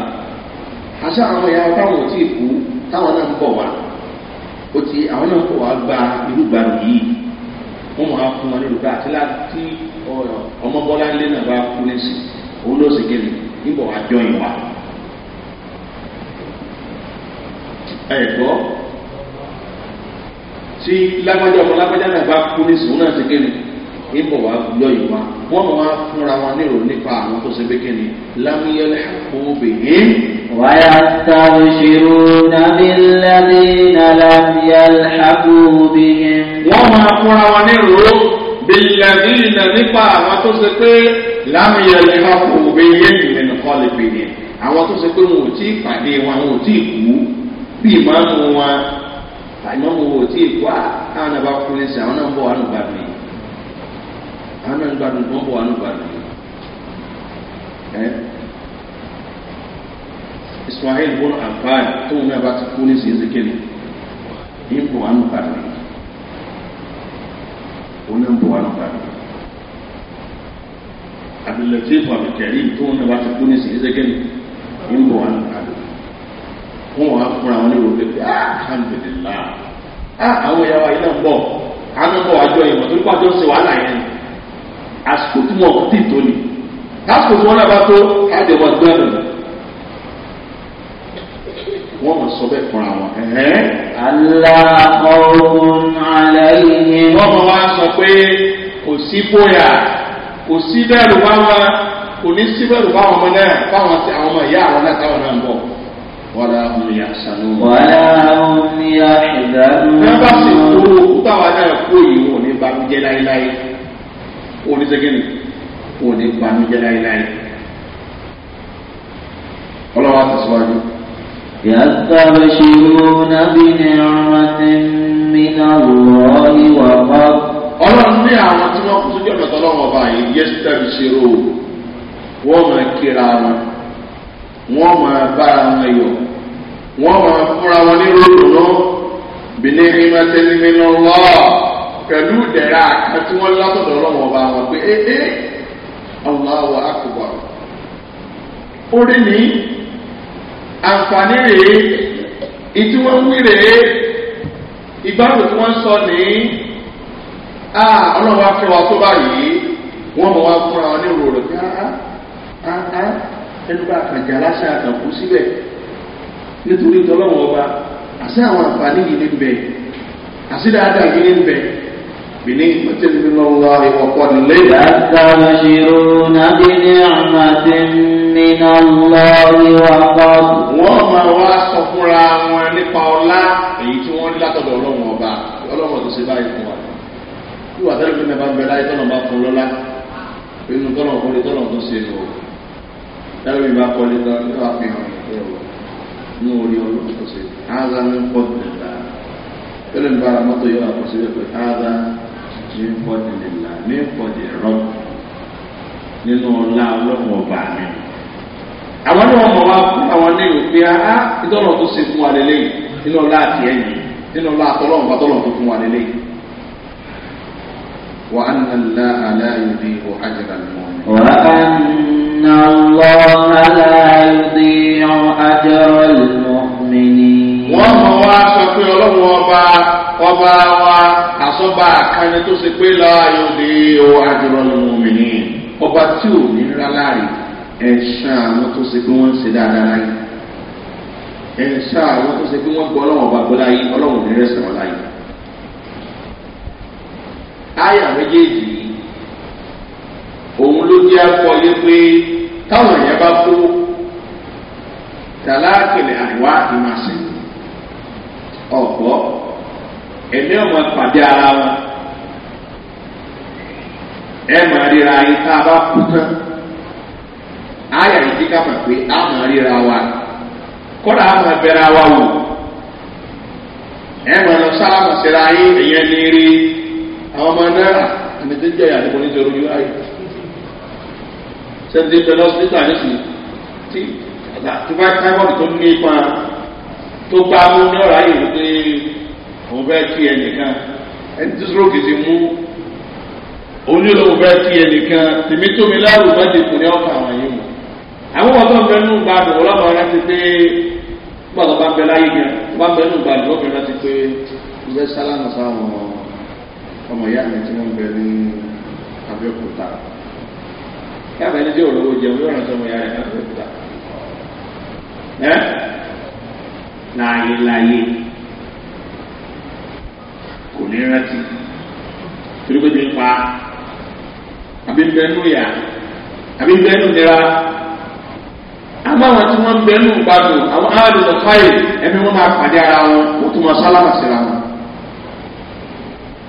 àṣà àwọn ìyá táwọn ò tí ì kú táwọn náà ń bọ̀ wá ó ti àwọn náà ń bọ̀ wá gba irú gbàrú yìí wọ́n máa fún wọn nírò pé àti láti ọmọ bọ́lá ńlẹ́ náà bá kú lẹ́sìn òun ló sì kíni níbo àjọ ìwà ẹ̀gbọ́ tí lágbájá ọmọ lágbájá náà bá kú ní sùn náà ti kéde níbo wàá yọ ìwà wọn mọ wá fúnra wọn nírò nípa àwọn tó ṣe pé kéde lámúyẹlẹ àkóbìnrin. wáyà sáré ṣerú nàbílẹ́lì nàlàbíyàlẹ̀ àkóbìnrin. wọ́n máa fúnra wọn nírò bílẹ̀ nípa àwọn tó ṣe tọ́lẹ̀bì yẹn àwọn tó ṣe pé wọn ò tí ì pàdé wọn àwọn ò tí ì kú bí ìmáàmù wọn ìmáàmù wọn ò tí kú àwọn ah, náà bá kú ní sè àwọn náà ń bọ̀ àwọn náà ń gbàdùn bọ̀ bọ́n náà bá ti kú ní wọn náà ń bọ̀ abdulatif abdulkari tó ń nàbà ti kú ní sèé sẹ́kẹ́lì ń bọ̀ wọn kàdó wọn wà fún àwọn ní rògbé pé ah, alhamdulilá ah, àwọn ìyá wa iná ń bọ̀ àánú bọ̀ àjọ ìmọ̀ tó ń pàjọ́ sí wàhálà yẹn àsìkò tí wọn kò tí tó ni lásìkò tí wọn náà bá tó káàdì wọn gbẹ́rù wọn mọ̀ sọ bẹ́ẹ̀ fúnra wọn. aláàkọ̀ọ́rùn-ún àlẹ́ yìí. wọ́n mọ̀ wá sọ pé kò sí bóyá kò sí bẹ́ẹ̀rù báwọn kò ní sí bẹ́ẹ̀rù báwọn ọmọ náà báwọn ti àwọn ọmọ ìyá àwọn náà táwọn náà ń bọ̀ wọ́lá ọmọ ìyá sanu. wọ́lá ọmọ ìyá ìdánù. bí wọ́n bá òkúta wa náà kú èyí wọn ò ní banújẹ́ láéláé wọn ní sẹ́gẹ́nì wọn ò ní banújẹ́ láéláé. ọlọ́wọ́ àtẹ̀síwájú. yàtọ̀ bẹ́ẹ̀ ṣe lóun náà bí ní ọmọ tẹ́lẹ̀. ń sojú ọ̀nà tọ́lọ́wọ́ ọba yìí yẹ́sítà fi ṣe rò wọ́n máa kíra wọn wọ́n máa bára wọn yọ wọ́n máa fúnra wọn ní ròdùn náà bìnní ní mẹ́tẹ́lẹ́mí náà wọ́ pẹ̀lú ìdẹ̀ra àti wọ́n látọ̀dọ̀ ọlọ́wọ́ ọba wọn pé é é àwọn àwọn àkùbọ̀ orí ni àǹfààní rèé ìtí wọ́n wí rèé ìgbàlù wọ́n sọ nìí a ah, ọlọ́run wá fẹ́ wa tó báyìí wọ́n mọ̀ wá fúnra wọn ní ìrò rẹ̀ pé ah, ah, ẹnu bá kànjà aláṣà àkànkú síbẹ̀ nítorí tọ́lọ́wọ́ ọba àṣẹ àwọn àǹfààní yìí ní bẹ̀ àṣẹ dáadáa yìí ní bẹ̀ bìnní mọ̀tẹ́lẹ́bí lọ́wọ́ ìwọ̀pọ̀ nílé. látàbíṣirò nàbí ní àmàdé nínú lọ́ọ̀rì wàpọ̀. wọ́n máa wá sọ fúnra wọn nípa ọlá èyí tí wọ́n rí látọ̀dọ̀ ọlọ́run ọba ọlọ́run ọ̀tún ṣe báyìí fún wa gbogbo àtẹ́lẹ̀ mi náà bá ń bẹ láyé tọ́nà bá fún lọ́lá inú tọ́nà kọ́lé tọ́nà tó ṣe lò tẹ́lẹ̀ mi bá kọ́lé tọ́nà tó wà fi hàn ẹ̀rọ ní orí olóko tó ṣe áza ní pọ́tìlélá tẹ́lẹ̀ mi bá ra mọ́tò yóò àkọsí pé áza ní pọ́tìlélá ní pọ́tìlélá nínú ọlá ọlọ́mọ ọba mi àwọn náà mọ̀ wá fún àwọn ní ìpè á ìtọ́nà tó ṣe fún wa lélẹ́yìn nínú ọlá àti ẹ̀yìn nínú ọlá àtọ́lọ́mọ وأن الله لا يضيع أجر المؤمن وأن الله لا يضيع أجر المؤمنين وهو سفي الله وبا وبا أصبع كان تسقي لا يضيع أجر المؤمنين ọba tí ò ní rà láàrin ẹ̀ṣán àwọn tó ṣe pé wọ́n ń ṣe dáadáa láyé ẹ̀ṣán àwọn tó ṣe pé wọ́n gbọ́ ọlọ́wọ́n ọba gbọ́ láyé ọlọ́wọ́n ò ní rẹ̀ sọ̀rọ̀ láyé táyà méjèèjì yìí òun ló jẹ́ akọ́lé pé táwọn èèyàn bá kú tàlákìlì àríwá ìmàṣẹ ọ̀pọ̀ ẹ̀mí ọmọ pàdé ara wọn ẹ mà ríra yín tá a bá kú tán àyà yìí kíkà mà pé a mà ríra wa kódà a mà bẹ̀rẹ̀ wa wò ẹ mà lọ sálámà síra yín ẹ̀yẹ ní rí àwọn ọmọ náírà ẹni tó jẹ́ ìyá nípa oníṣòro ui sẹ́ńtì pẹ̀lú hospital nísìnyí tí àtúbá táwọn tó ní ipa tó gbá mú ní ọ̀rá yìí wípé òun fẹ́ kí ẹnìkan ẹni tó sọ́rọ́kì ti mú onílòun fẹ́ kí ẹnìkan tèmi tómi láàrú mọ́tì kò ní ọkọ̀ àwọn yìí mọ̀ àwọn ọmọ tó ń bẹ nínú gbàdùn ọlọ́mọ rẹ ti pé gbọ́dọ̀ bá ń bẹ láyé gan bá ń bẹ nínú gbàdùn ọkùnrin rẹ ti pé ilé sáwọn ọmọ ọmọ ìyá mi tí wọ́n bẹ ní abẹ́òkúta yàtọ̀ ẹni tí olówó jẹun yóò rántí ọmọ ìyá rẹ̀ ní abẹ́òkúta ẹ́ láàyè láàyè kò ní rántí torí pé ti ń pa àbí ń bẹnu yà àbí ń bẹnu nira àmọ́ àwọn tí wọ́n ń bẹnu gbádùn àwọn aráàlú lọ fáyè ẹni wọ́n máa pàdé ara wọn ó tún máa sálámà síra wọn.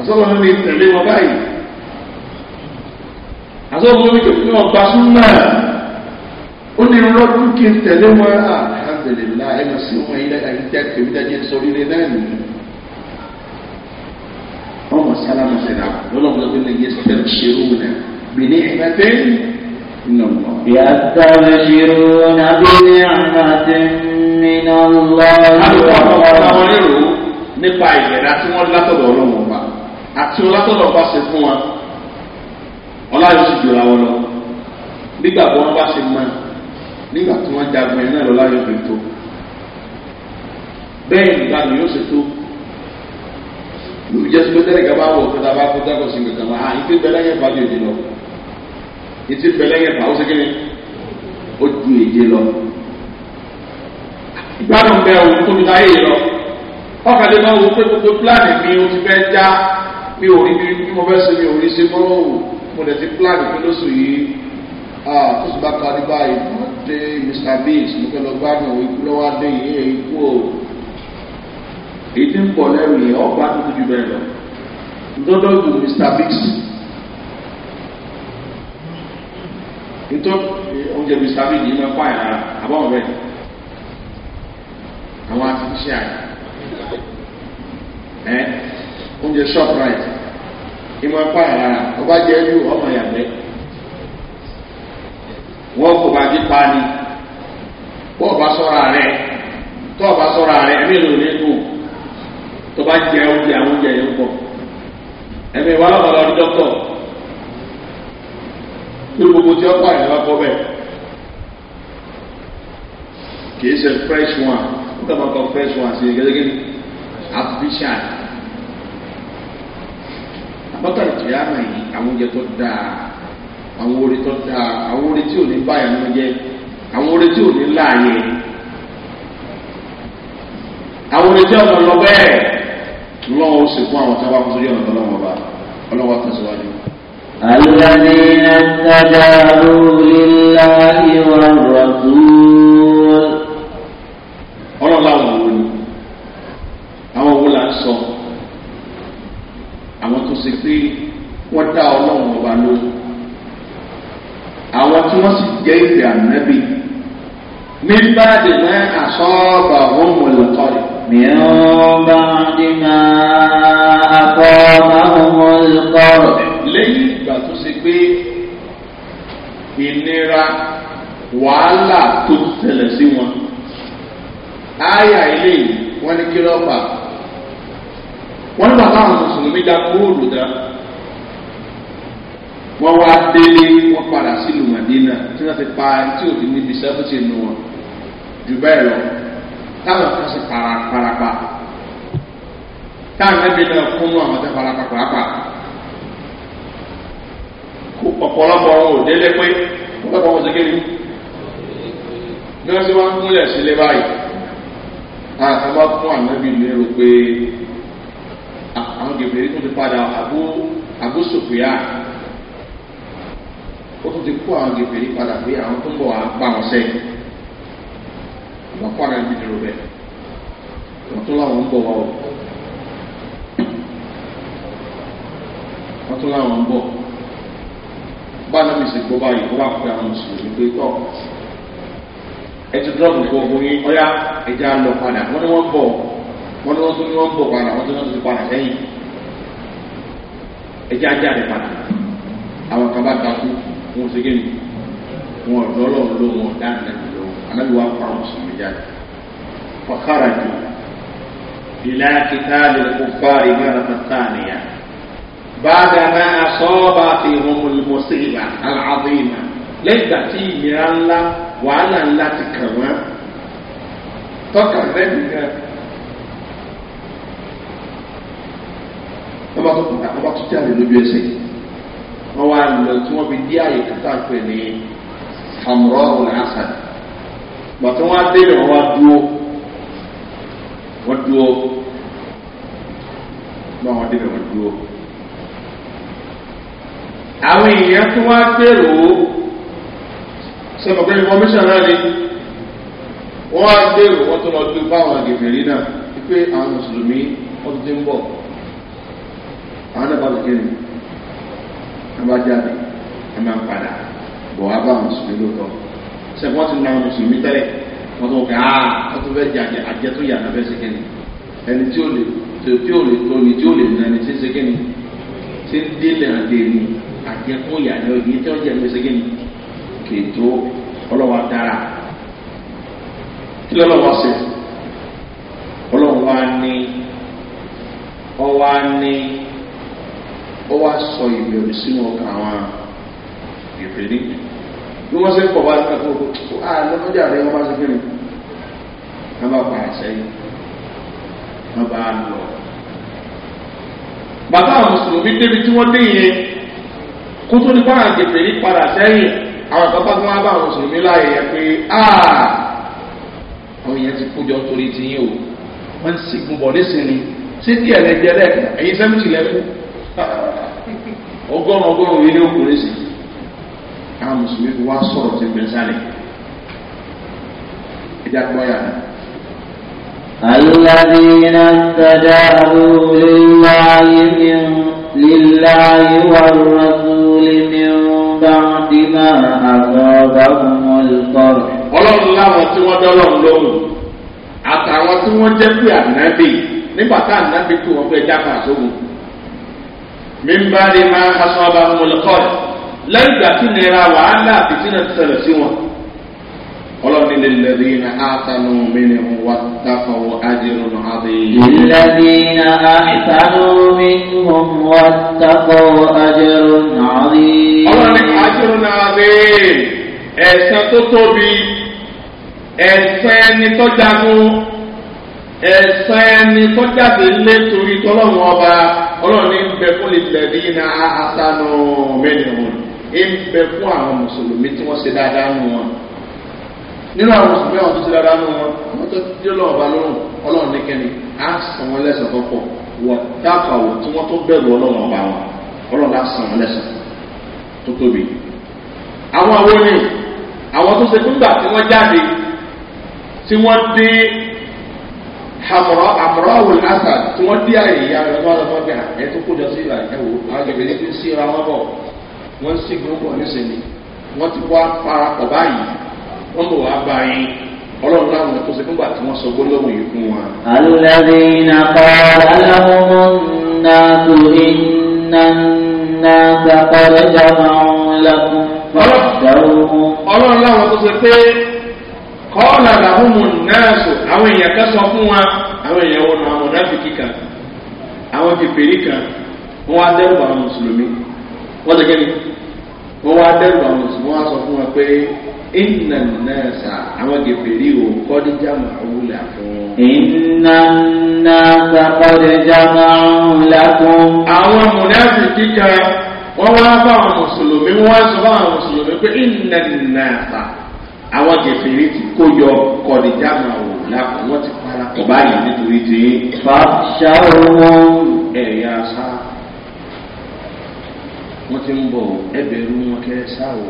àsọ̀rọ̀ náà lè tẹ̀lé wọn báyìí àsọ̀rọ̀ náà lè tẹ̀lé wọn gba súnmọ́ ó ní lọ́dún kí n tẹ̀lé wọn àhàbẹ̀lẹ̀lá ẹ̀ mà sí wọn ilé ayé jáde mi dájẹ́ sọ ilé náà nìyí wọ́n sálámù sẹ́dá lọ́lọ́mọ lọ́gbẹ́ lè yẹ sẹ́dá ṣerú náà bìnní ìfẹ́fẹ́ nàmọ́. يستبشرون بنعمة من الله. àwọn ọmọ ọmọ wọn lérò nípa ìgbẹ̀dá tí wọ́n látọ̀dọ̀ ọlọ́run àti ọlátọ́lọ́ bá ṣe fún wa ọlá yóò sì jòrà wọn lọ nígbà tí wọn bá ṣe mọ nígbà tí wọn jagun ẹ náà lọlá yóò fi tó bẹ́ẹ̀ nígbà mi yóò ṣe tó lóbi jẹ́sí pé tẹ́lẹ̀ gaba wọ̀ kọ́ta bá kó dákọ̀ sí nǹkan máa ìpè bẹ́lẹ́ yẹn bá ju èdè lọ ìtì bẹ́lẹ́ yẹn bá ó ṣe kí ni ó ju èdè lọ ìgbádùn bẹ́ẹ̀ òun tóbi láyé lọ ọkàlẹ́ bá wo pé gbogbo pílánì mi ó ti fẹ́ já mi ò rí bí mo fẹ́ ṣe mi ò rí ṣe mọ́ òwò mo dẹ̀ ti plan pé lóṣù yìí tó sì bá ka ní báyìí mo dé mr beans mo fẹ́ lọ gbádùn ikú lọ́wọ́ adé yìí ẹ̀ ikú o èdè ń pọ̀ lẹ́rù yẹn ọ̀pá tó ju bẹ́ẹ̀ lọ ntọ́jọ́ ju mr beans ntọ́ oúnjẹ mr beans yìí máa ń pààyàn ara àbáwọn bẹ́ẹ̀ àwọn àti iṣẹ́ àyè oúnjẹ shoprite ìmọ̀ apá àrà ọba jẹ́ ẹlú ọmọ ìyàgbẹ́ wọ́n kò bá dé pa ni bọ́ ọba sọ́ra rẹ̀ tọ́ ọba sọ́ra rẹ̀ ẹ̀mí ló ní kù tó bá jẹ oúnjẹ àwọn oúnjẹ yẹn pọ̀ ẹ̀mí wa lọ́wọ́ lọ́dún dọ́kítọ̀ ní gbogbo tí ọkọ̀ àyàwó kọ́ bẹ́ẹ̀ kì í ṣe fresh one ó kà máa kọ fresh one sí gẹ́gẹ́ gẹ́gẹ́ artificial àkọ́tàlì kìámà yìí àwọn oúnjẹ tó dáa àwọn orí tó dáa àwọn orí tí ò ní báyà ní oúnjẹ àwọn orí tí ò ní láàyè àwọn orí tí ọ̀nà lọ bẹ́ẹ̀ lọ́wọ́ ó sì fún àwọn tábà fún sórí ọ̀nà lọ́wọ́ bá ọlọ́wọ́ tẹ̀síwájú. الذين استجابوا لله والرسول من بعد ما أصابهم القرح من بعد ما أصابهم القرح lẹ́yìn ìgbà tó ṣe pé ìnira wàhálà tó tẹ̀lẹ̀ sí wọn ááyà ilé yìí wọ́n ní kí lọ́pàá wọ́n nígbà táwọn mùsùlùmí dá góòlù dá wọ́n wá délé wọ́n padà sílùú màdínà tí wọ́n ti pa tí ò ti níbi sẹ́fúnṣe nù wọn jù bẹ́ẹ̀ lọ táwọn kan sì parapa táwọn ẹbí náà fún mọ́ àwọn tó parapa pàápàá ọ̀pọ̀lọpọ̀ ọ̀rọ̀ òdélé pé ọ̀pọ̀lọpọ̀ ọ̀rọ̀ ṣẹ́gẹ́rì bí wọ́n ti wá ń múlẹ̀ sílé báyìí táwọn bá fún ànábì lérò pé àwọn gèbèrè tó ti padà àbú àbú sòfìà ó tún ti kó àwọn gèbèrè padà pé àwọn tó ń bọ̀ wá pa wọn sẹ́yìn wọ́n padà ní ìdúró bẹ́ẹ̀ wọ́n tó láwọn ń bọ̀ wá o wọ́n tó láwọn ń bọ̀ bá náà mi sì gbọ́ báyìí wọ́n bá pe àwọn mùsùlùmí pé tọ́ ẹ ti dúrọ́ọ̀bù gbogbo yín ọ̀yá ẹja lọ padà wọ́n ní wọ́n bọ̀ wọ́n ní wọ́n tún ní wọ́n bọ̀ padà wọ́n tún ní wọ́n ti padà sẹ́yìn ẹja jáde padà àwọn kan bá takú wọn ò segin wọn ọ̀dọ́ lọ́wọ́ ló wọn dáná anabi wa kọ́ àwọn mùsùlùmí jáde fakara ju ilá kíkà lè kó fáre mẹ́rin tata nìyà báàgà náà sọ́ọ́bà fi hùn mùsùlùmí àlàáfíìmà lẹ́gbàá tí ìnira ńlá wàhálà ńlá ti kàn wọ́n tọ́ka lẹ́nu náà. tó kùtà wọ́n bá tó jáde lójú ẹsẹ̀ wọ́n wá tí wọ́n fi dí àyè kàtà pé ní hamrọ́ọ̀lù gbàtí wọn á délé wọn wá dúró wọn dúró wọn wọn délé wọn dúró àwọn èèyàn tó wá gbèrò sọ̀rọ̀ pé information náà ni wọ́n wá gbèrò wọ́n tó lọ gbé báwọn àgbègbèrè náà wípé àwọn mùsùlùmí wọ́n ti ń bọ̀ àwọn náà bá lè kéde wọ́n bá máa ń padà bọ̀ wá bá mùsùlùmí lóòótọ́ sẹ̀kọ́ ti na mùsùlùmí tẹ́lẹ̀ wọ́n tó kẹ́ aa ah, wọ́n tó fẹ́ jẹ àjẹ àjẹ tó yà nàfẹ́ sẹ́kẹ́ni ẹni tí ó lè tí ó lè tóni tí ó lè nani tí sẹ́kẹ́ni tí ń délé àdé ni àjẹ kó yà ní ọ̀dì yìí tí o jẹ ní sẹ́kẹ́ni kètò ọlọ́wà dára kí lọ́lọ́wà sẹ́ ọlọ́wà ní ọwà ní ọwà sọ ìbẹ̀rù sínú ọkàn àwọn ìbẹ̀rù bí wọ́n ṣe ń pọ̀ wá kàtó kó a ah, lọ́mọdé àrẹ wọn bá ṣe kí ni wọ́n bá pa àṣẹyìn wọ́n bá lọ. bàbá àwọn mùsùlùmí débi tí wọ́n dé yẹn kó tó ní bá àgbègbè yìí padà sẹ́yìn àwọn àgbàgbà tí wọ́n bá àwọn mùsùlùmí láàyè yẹn ah, káwọn mùsùlùmí fi wá sọ̀rọ̀ ti gbẹ̀ sálẹ̀ ẹja gbọ́ yà rẹ̀. الذين استجابوا لله من لله والرسول من بعد ما أصابهم القرح ọlọ́run láwọn tí wọ́n dọ́lọ́run lóhùn àtàwọn tí wọ́n jẹ́ pé ànábì nígbà tá ànábì tó wọ́n fẹ́ jápa lẹ́yìn ìgbà tí nira wàhálà àbìtínà ti sẹlẹ̀ sí wọn. ọlọ́run ní lẹ́lẹ́dí iná àtàlù mímu wà dáfọ̀ ajẹ́rù nù adé. lẹ́lẹ́dí iná àtàlù mímu wà dáfọ̀ ajẹ́rù nù adé. ọlọ́run ní ajẹ́rù nù adé ẹ̀sán tó tóbi ẹ̀sán ẹni tó jagun ẹ̀sán ẹni tó jáde lé torí tọ́lọ́run ọba ọlọ́run ní bẹ́ẹ̀ kó lè iná àtàlù mímu ń bẹ fún àwọn mùsùlùmí tí wọ́n ṣe dáadáa nù wọn nínú àwọn mùsùlùmí àwọn tó ṣe dáadáa nù wọn wọ́n tó dé lọ́wọ́ bá lọ́rùn ọlọ́run ní kẹ́ni á sàn wọ́n lẹ́sàn kọ́kọ́ wọ́n dákàwọ̀ tí wọ́n tó bẹ̀rù ọlọ́run ọba wọn ọlọ́run á sàn wọ́n lẹ́sàn tó tóbi. àwọn àwọn ni àwọn tó ṣe fúngbà tí wọ́n jáde tí wọ́n dé àmọ̀rọ̀ àwọn àṣà tí wọ́n dé àyè ìyá rẹ̀ lọ́wọ́ lọ́wọ́ wọ́n ń gbogbo pọ̀ nísìnyí wọ́n ti wá parapọ̀ báyìí wọ́n lò wá báyìí ọlọ́run láwọn tó ṣe fún gbà tí wọ́n sọ gbólóhùn yìí fún wa. alẹ́ iná pa aláwọ̀ náà tó iná náà sàkọ́rẹ́ lẹ́kùn ọlọ́run láwọn tó ṣe pé náà sọ àwọn èèyàn kan sọ fún wa àwọn èèyàn wọn kan àwọn wọ́n ti kí ni wọ́n wá dẹ́rù àwọn mùsùlùmí wọ́n sọ fún wa pé ìnà náà sà àwọn gèfèrí o kọ́dí jámà òwúlà fún wọn. ìnà náà sà kọ́dí jámà òwúlà fún. àwọn mùnàfì kíkà wọ́n wá bá àwọn mùsùlùmí wọ́n wá sọ fún àwọn mùsùlùmí pé ìnà náà àwọn gèfèrí ti kó yọ jámà òwúlà fún wọn ti para kọ̀ báyìí nítorí ti. fàṣà wọn ẹ̀yà sáà wọ́n ti ń bọ̀ ẹbẹ̀rù wọn kẹ́ sáwò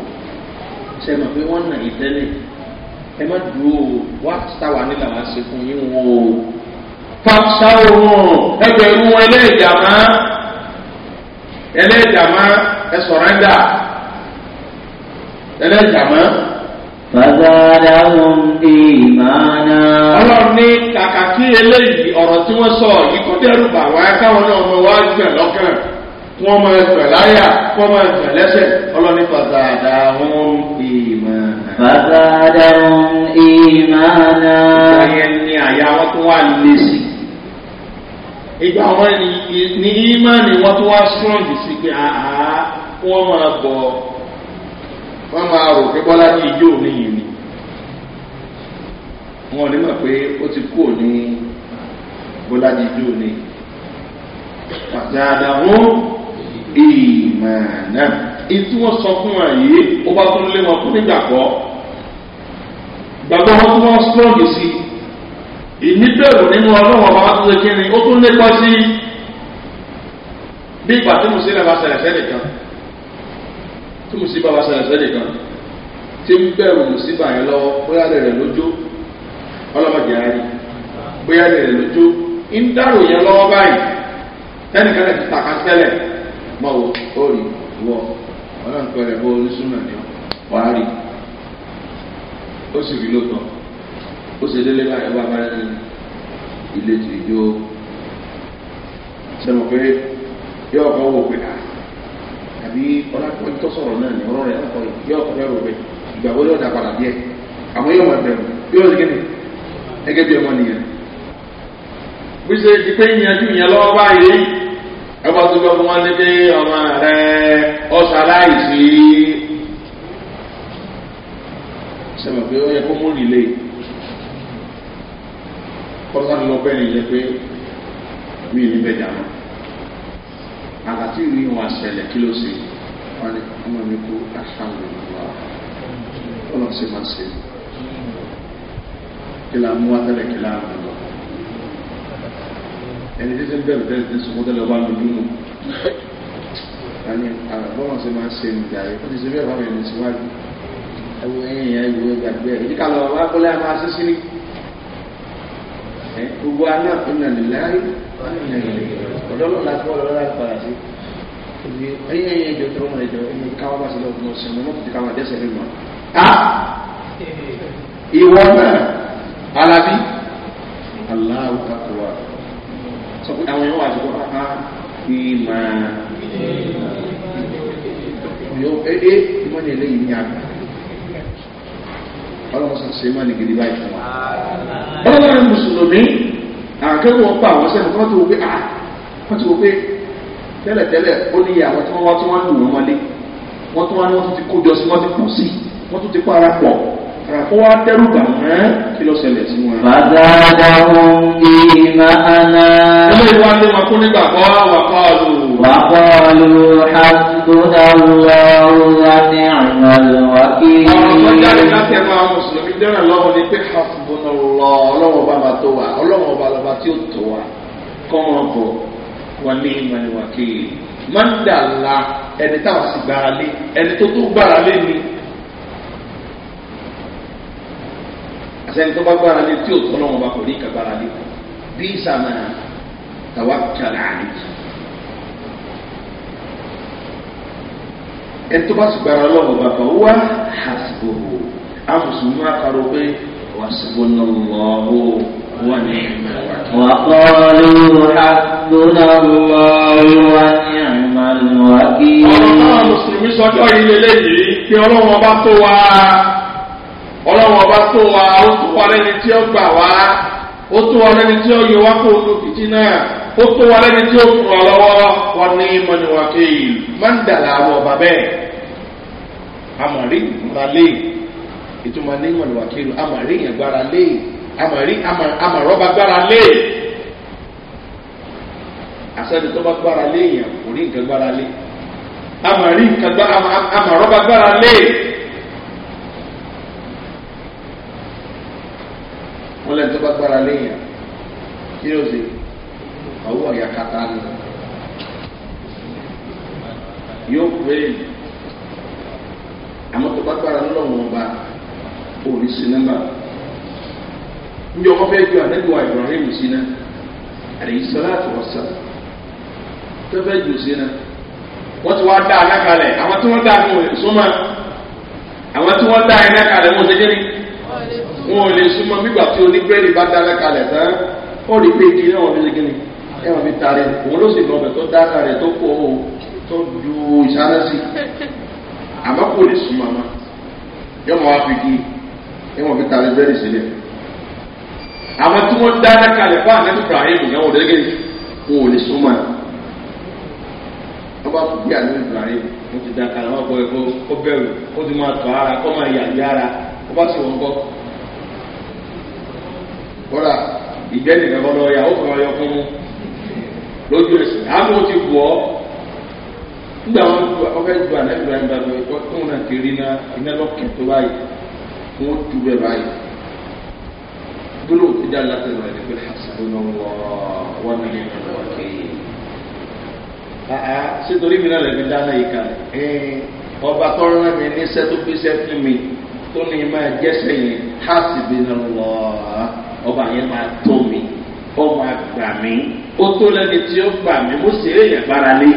ṣe mọ̀ pé wọ́n nà yí tẹ́lẹ̀ ẹ má dúró wá sáwà nílà wá sí fún yín wọn o fáṣáwò wọn ẹbẹ̀rù wọn ẹlẹ́ẹ̀dà má ẹlẹ́ẹ̀dà má ẹ sọ̀rọ̀ ẹ̀dà ẹlẹ́ẹ̀dà má. Fàdádà wọn bí ìmáná. Ọlọ́run ní kàkà eléyìí ọ̀rọ̀ tí wọ́n sọ yìí kọ́ dẹ́rù bà wá káwọn náà mọ wá jù lọ́kàn wọ́n máa gbà láyà wọ́n máa gbà lẹ́sẹ̀ ọlọ́ni fàtàdà wọn ìmọ̀ náà. fàtàdà wọn ìmọ̀ náà. ìgbàyẹn ni àyà wọn tó wà lé ìgbà wọn ni ìmọ̀ni wọn tó wà strong sí pé àá wọ́n máa bọ̀ wọ́n máa rò pé bọ́lá ti ijó níyì ni. wọn ò ní mọ̀ pé ó ti kú òní bọ́lá ti ijó ni. fàtàdà wọn ìmọ̀nà ètí wọ́n sọ fún wa yìí ó bá tún lé wọn kú nígbàgbọ́ gbàgbọ́ wọn tún wọ́n strong sí ìníbẹ̀rù nínú ọlọ́wọ́n bá tún lè kíni ó tún lépa sí bí ìgbà tí mo sì rẹ̀ bá ṣẹlẹ̀ sẹ́nì kan tí mo sì bá wa ṣẹlẹ̀ sẹ́nì kan tí ń bẹ̀rù mo sì bàyẹn lọ́wọ́ bóyá rẹ̀ lójó ọlọ́mọdé ayé bóyá rẹ̀ lójó ń dárò yẹn lọ́wọ́ báyìí ẹnìkan lè ti tàkasẹ́lẹ̀ mọ wo ó rí wọ ọlọ́run pẹ̀lẹ́ bó onísùnà ni wà á rí ó sì rí lóòótọ́ ó sì délé báyìí wà bá ní ilé tó ìjó sẹ́mu pé yóò kọ́ wò pé ah, àbí ọlọ́pàá sọ̀rọ̀ náà ni ọ̀rọ̀ rẹ̀ náà kọ́ yóò kọ́ fẹ́ wò pé ìgbàgbọ́ yóò dà padà díẹ̀ àwọn yóò máa bẹ̀rù yóò rí kíni gẹ́gẹ́ bí ọmọ nìyẹn. bí ṣe ti pé ìyànjú ìyẹn lọ́wọ́ báyìí ẹgbà tó gbọ́ fún wọn ní pé ọmọ rẹ ọ̀sáláìsí sẹ́mi pé ó yẹ kó mú rìlé kọ́sánù lọ bẹ́ẹ̀ ni yẹ pé mi ì ní bẹ́ẹ̀ jà mọ́ àgàtì rí wọn àṣẹlẹ̀ kí ló ṣe wọn ni ọmọ mi kú aṣáàlùmọ́ ọlọ́sẹ̀ máa ṣe kí la mú wá tẹ́lẹ̀ kí la mú ẹni tí ń bẹ̀rù tẹ́lẹ̀ tí sọ́kọ́ tẹ́lẹ̀ wà lójú nù àbọ̀wọ̀n sí máa ń ṣe nìjàre ó ti ṣe bẹ́ẹ̀ báwọn ẹni síwájú ẹwọ ẹyìn ẹ ìwé gbàgbé ẹ ìdíkà lọ wá kó láyà máa ṣe sí ní gbogbo aná ìnà nìláyé ọ̀dọ́ lọ́la tí wọ́n lọ́la padà sí ẹyìn ẹyìn ẹjọ tó wọn ẹjọ ẹyìn káwọn bá ṣe lọ fún ọsẹ mọ kùtì káwọn dẹsẹ nínú ọ. ìwọ náà alábí aláwọ kakọ wa sọ pé àwọn yóò wà lóko bàbá fi máa ee ìmọ̀ ní eléyìí ní àgbà ọlọ́run sọ ṣe máa ní gidi báyìí fún wa. ọlọ́run mùsùlùmí àkẹ́kọ̀ọ́ pa àwọn sẹ́nu kọ́ tó pé ah wọ́n ti wọ́n pé tẹ́lẹ̀tẹ́lẹ̀ ó ní àwọn tí wọ́n wá tí wọ́n lù wọ́n mọ́lé wọ́n tún wá ní wọ́n tún ti kó jọ sí wọ́n ti pọ̀ sí wọ́n tún ti kó ara pọ̀ kó wá dẹ́rù bà ẹ́ kí ló ṣẹlẹ̀ sí wọn. bàdáàdà omi màánà. ilé ìwà ni wọn kún nígbà kọ́ wà kọ́ọ̀lù. wà kọ́ọ̀lù hasbúdà lọ́wọ́ ní àmàlùwà kí. àwọn tó jáde láti ẹnu àwọn mùsùlùmí dẹ́rẹ̀ lọ́wọ́ ni pé hasbúdà lọ ọlọ́wọ́ bá tó wa ọlọ́wọ́ bá tí ó tó wa kọ́ wọn bọ̀ wà ní ìmàlùwà kí. mọ́ndàlá ẹni táwọn sì gbára lé ẹni tó tó gbára lé ni. àtẹni tó bá gbára lé tí òtún náà wọn bá kò ní ìka gbára lé bí ìsàmà tàwa kàlà àlè. ẹni tó bá sì gbára lọ́wọ́ bá kọ̀ wá àsìkò àmùsùnmí àkàrò pé wàsìkò náà wọ́ọ́ wọ́n ní wà. wà á kọ́ ló àgbóná ní àmà lọ́wọ́ kí. ọlọ́run mùsùlùmí sọjọ́ ilé lẹ́yìn ọlọ́run ọba tó wá. ọlọ́run ọba tó wa ó tó wa lẹ́ni tí ó gbà wá ó tó wa lẹ́ni tí ó yọ wá kó ojú fìtí náà ó tó wa lẹ́ni tí ó kùn ọ lọ́wọ́ wọn ní mọ̀nìwàkè mọ́ndàlá àwọn ọba bẹ́ẹ̀ amọ̀rí ìgbàlẹ̀ ìtumọ̀ ní mọ̀nìwàkè amọ̀rí yẹn gbára lé amọ̀rí gbára lé asẹ́ni tó bá gbára lé yẹn kò nǹkan gbára lé amọ̀rí wọ́n lẹ́nu tó bá gbára léèyàn kí ló ṣe àwọ̀ yakata ni yóò pé àmọ́ tó bá gbára lọ́wọ́ ọba òní sí nọ́mbà njẹ́ ọkọ fẹ́ ju anẹ́gbẹ̀wá ibrahim sí náà àdéhìí ti wá àwọn tí wọn ò lè súnmọ́ nígbà tí onígbẹ́rì bá dára kalẹ̀ tán ó rí pé kí ẹ̀wọ̀n fi ṣe kí ni ẹ̀wọ̀n fi tarẹ̀ òun ló sì lọ ọbẹ̀ tó dára rẹ̀ tó kó o tó ju ìsáná sí àmọ́ kò lè súnmọ́ ọmọ yọmọ wa fi kí ẹ̀wọ̀n fi tarẹ̀ bẹ́rì sílẹ̀ àwọn tí wọ́n dára kalẹ̀ fún àmẹ́tò ibrahim yẹn wọ́n dẹ́gẹ́ wọn ò lè súnmọ́ ẹ̀ wọ́n bá fi bí àmẹ́tò ibrahim wọ́n ti dára kalẹ̀ wọ́n bọ̀ ẹ̀kọ́ bẹ̀rù ó ó bá sì wọ́n gbọ́. kódà ìjẹ́ nìkan kọ́ lọ́ọ́ yà ó kàn yọ fún un lójú ẹ̀sìn àmọ́ ti wọ̀ ọ́ nígbà wọn ọfẹ ju anagba ẹgbà lọ ẹgbà tó wọn àti rí náà iná lọkẹ tó báyìí wọn tu bẹ báyìí gbólóhùn tó dá láti rẹ ní pé hasan ló ń wọ wọn ní ìlú wa kéye àá sítorí mi náà lè fi dáná yìí kan ọba tọrọ náà mi ní sẹ tó fi sẹ fún mi tó ní máa jẹ́sẹ̀ yẹn hásìbí ni lọ́ọ́ ọba yẹn máa tó mi ó máa gbà mí ó tó lẹ́ni tí ó gbà mí mo sì rí èèyàn gbára lé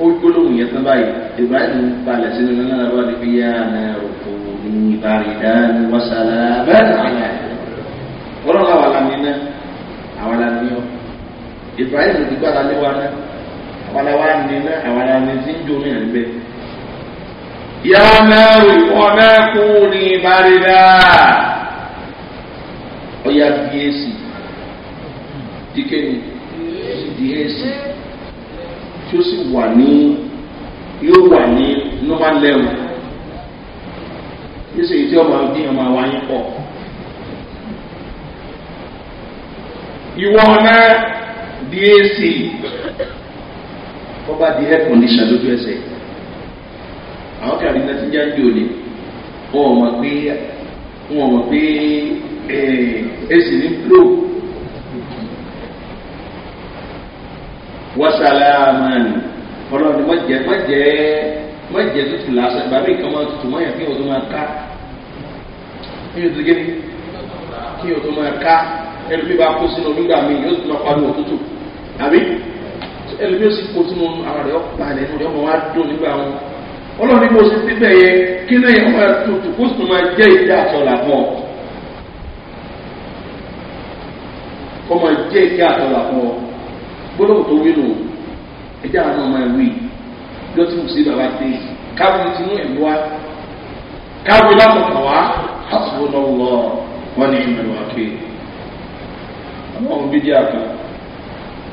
ó gbólóhùn yẹn tán báyìí ibrahim balẹ̀ sínú nínú ẹ̀rọ ni bí yá náà òkú ní ìbáridá ní wàsálà bẹ́ẹ̀ náà yà wọ́n lọ́wọ́ àwọn alámi náà àwọn alámi ọ́ ibrahim ti gbára lé wa náà àwọn aláwa náà àwọn alámi ti ń jó mi hàn يا نار وما كوني باردا ọyà díẹsì díkẹni díẹsì tí ó sì wà ní yóò wà ní normal level yóò sì tí ọmọ bí ọmọ wa yín pọ. ìwọ náà díẹsì ọba di air condition lójú ẹsẹ̀ àwọn tí àrídá ti já jò ní wọn ò mọ̀ pé wọn ò mọ̀ pé èsì eh, ní fúlò wọ́sàlámà ni ọlọ́run má jẹ́ má jẹ́ má jẹ́ tútù lásán bàbá ìkan máa tutù mọ́ yẹn kí o tó máa ká kí o tó gé ní kí o tó máa ká ẹlòmíì bá kó sínú nígbà míì yóò tún máa pariwo òtútù àbí ẹlòmíì ó sì kó sínú ara rẹ̀ ọ̀pá rẹ̀ ẹnu rẹ̀ ọmọ wa dùn nígbà wọn ọlọ́run ni mo ṣe síbẹ̀ yẹn kí náà yẹn máa tutù kó sì máa jẹ́ ìdí àtọ̀là fún ọ. kó máa jẹ́ ìdí àtọ̀là fún ọ gbọ́dọ̀ tó wí nù ẹjẹ́ àwọn ọmọ ẹ̀wí yóò tún sí bàbá dé káwé tinú ẹ̀ wá káwé lásìkò wá àsìkò náà lọ wọn ní ìmọ̀ ìwà ké àwọn bídíà kan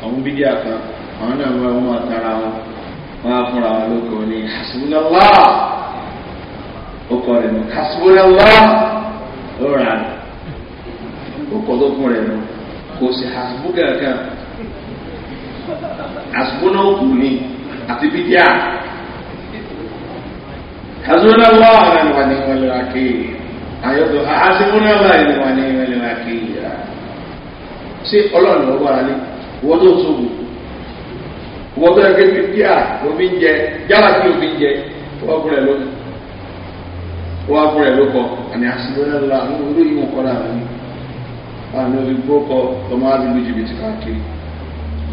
àwọn bídíà kan àwọn náà wọ́n máa tara wọn wọn á fúnra wọn lóko ní hasbunalá ọkọ rẹ nù hasbunalá lọ́ra ọkọ tó kún rẹ nù kò sí hasbu kankan hasbunalá kù ní àti bídíà hasbunalá ọ̀rẹ́ ni wà ní wọlé wa kéè àyọ̀dọ̀ hasbunalá ni ní wọlé wa kéè ṣé ọlọ́run ló wà á wọ́n tó tóbi wọ́n tó yẹ kí fi bíà lómi ń jẹ yálà kí omi ń jẹ wọ́n fún rẹ̀ ló wọ́n fún rẹ̀ ló kọ àní àṣìlélẹ́ la àwọn olóyìn wọn kọ́ láàrin ní àwọn olùgbò kọ ọmọ àdúgbò jìbìtì káàkiri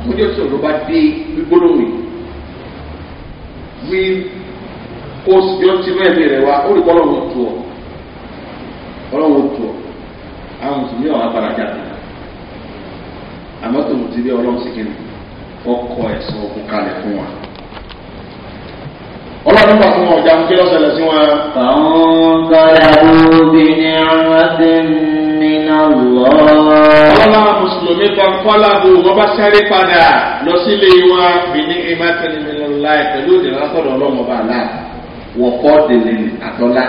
àkójọ tí òdo bá dé gbígbólóhùn wí kó yọ ti mẹ́ẹ̀mí rẹ̀ wá ó lè kọ́ ọlọ́run tù ọ́ ọlọ́run tù ọ́ àwọn mùsùlùmí ọ̀hún abàràjà àmọ́ tó mùsùlùmí ọlọ́run sì kéde ọkọ ẹ̀sọ́ ogun kalẹ̀ fún wa ọlọ́run nípa fún wọn ń gbé lọ́sẹ̀lẹ̀ sí wọn. àwọn kọ́lábù obìnrin ọ̀rọ̀dé nínú lọ. ọlọ́lá mùsùlùmí kan kọ́lábù wọ́n bá sáré padà lọ sílé wa bìnní ìmátẹ́lẹ̀ nínú láì pẹ̀lú ìdènà látọ̀dọ̀ ọlọ́mọ bá náà wọ̀ kọ́ dèlè àtọ́lá.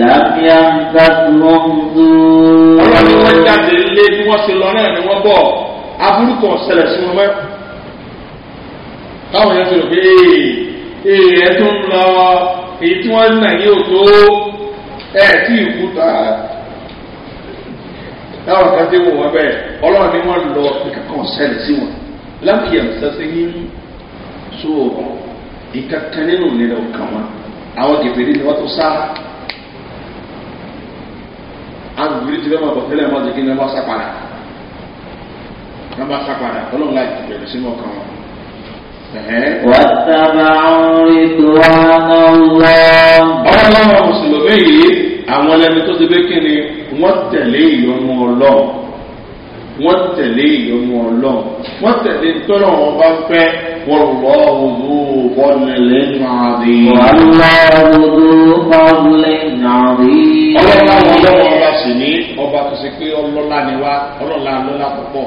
làbíà ń gbàgbọ́ ń dúró. ọlọ́run wọn jáde lé bí wọ́n ṣe lọ náà ni wọ́n bọ̀ aburú kan ṣẹlẹ̀ sí wọn mọ́ táwọn yẹn ti rò pé ee ẹ tó ń lọ èyí tí wọ́n nà yín ò tó ẹ tí ì kú ta táwọn kan ti wò wọ́n bẹ́ẹ̀ ọlọ́run ni wọ́n lọ nǹkan kan ṣẹlẹ̀ sí wọn lápìyà sẹ́sẹ́ yín so nǹkan kan nínú ìlera ọ̀kan wọn àwọn gèbèrè ni wọ́n tó sá àwọn gèbèrè ti fẹ́ máa bọ̀ tẹ́lẹ̀ máa jẹ́ kí ni wọ́n sá padà wọ́n bá sá padà ọlọ́run láti bẹ̀rẹ̀ sínú ọkàn wọn. wàtàbà ètò àná lọ. ọlọ́run mùsùlùmí yìí àwọn ẹlẹ́ni tó ti bẹ́ kí ni wọ́n tẹ̀lé ìyọnu ọlọ́run wọ́n tẹ̀lé ìyọnu ọlọ́run wọ́n tẹ̀lé tọ́lọ̀ wọn bá fẹ́ والله ذو فضل عظيم والله ذو فضل عظيم ọlọ́run àwọn ọlọ́run ọba sì ní ọba tó ṣe pé ọlọ́lá ni wá ọlọ́lá lọ́lá púpọ̀.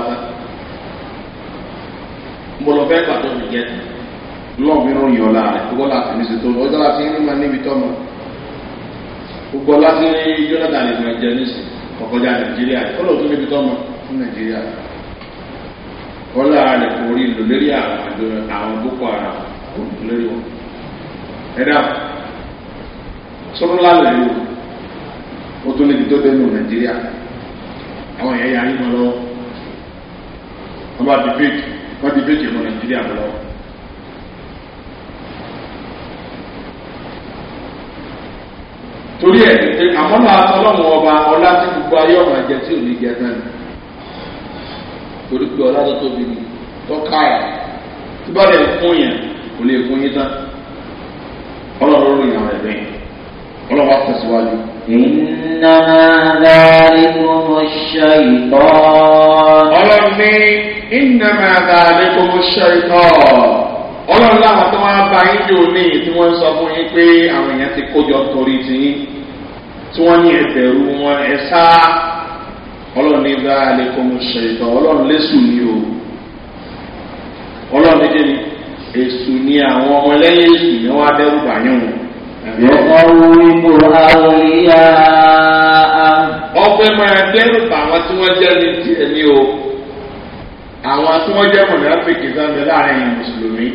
mo lọ fẹ́ gbàdọ̀ mi jẹ́ lọ́ọ̀mí ló ń yọ ọ̀la rẹ̀ gbogbo láti ní ṣètò ọjọ́ láti ní ma níbi tọ́mọ gbogbo láti ní jonathan ní ìgbà jẹ níṣẹ́ ọ̀kọ́jà nàìjíríà kọ́ lóòótọ́ níbi tọ́mọ fún nàìjíríà ọ̀la rẹ̀ kò rí lò lórí àwọn boko haram kò lò lórí wọn ẹ̀dá sọ́dún lálẹ́ yìí ó tó níbi tó dẹ́nu nàìjíríà àwọn ẹ̀yà yìí mọ́ lọ́wọ́ ọba debate wọ́n ti bẹ́ẹ̀ mọ́ nàìjíríà lọ. torí ẹ̀ pé àmọ́lá ọlọ́run ọba ọlá tí gbogbo ayé ọ̀rọ̀ àjẹ tí ò ní jẹ náà ni torí pé ọlá tó tóbi ni tọ́ka ẹ̀ tí bá lè fún yẹn kò lè fún yín tán ọlọ́run ló yàn rẹ̀ bẹ́ẹ̀ ọlọ́run wá tẹ̀síwájú. ìnáná dárí mú ṣe ìtọ́ ọlọ́run ní ìnàmà àdáàlẹ́ gbogbo ṣẹ́ríkọ́ ọlọ́run láwọn tó wá bá yín jò ní tí wọ́n sọ fún yín pé àwọn èèyàn ti kójọ torí tiyín tí wọ́n ní ẹ̀bẹ̀rù wọn ẹ̀ sá ọlọ́run ní àdáàlẹ́ gbogbo ṣẹ́ríkọ́ ọlọ́run lẹ́sù ni o ọlọ́run méjì ni èsù ni àwọn ọmọlẹ́yìn èsù ni wọ́n á dẹ́rù bàyàn wọn. ọ̀pẹ máa dẹ́rù bà wọn tí wọ́n jẹ́ ní tiẹ̀ ní o. àwọn tí wọ́n jẹ́ mọ̀nàfíkì sáńbẹ láàrin ẹ̀yìn mùsùlùmí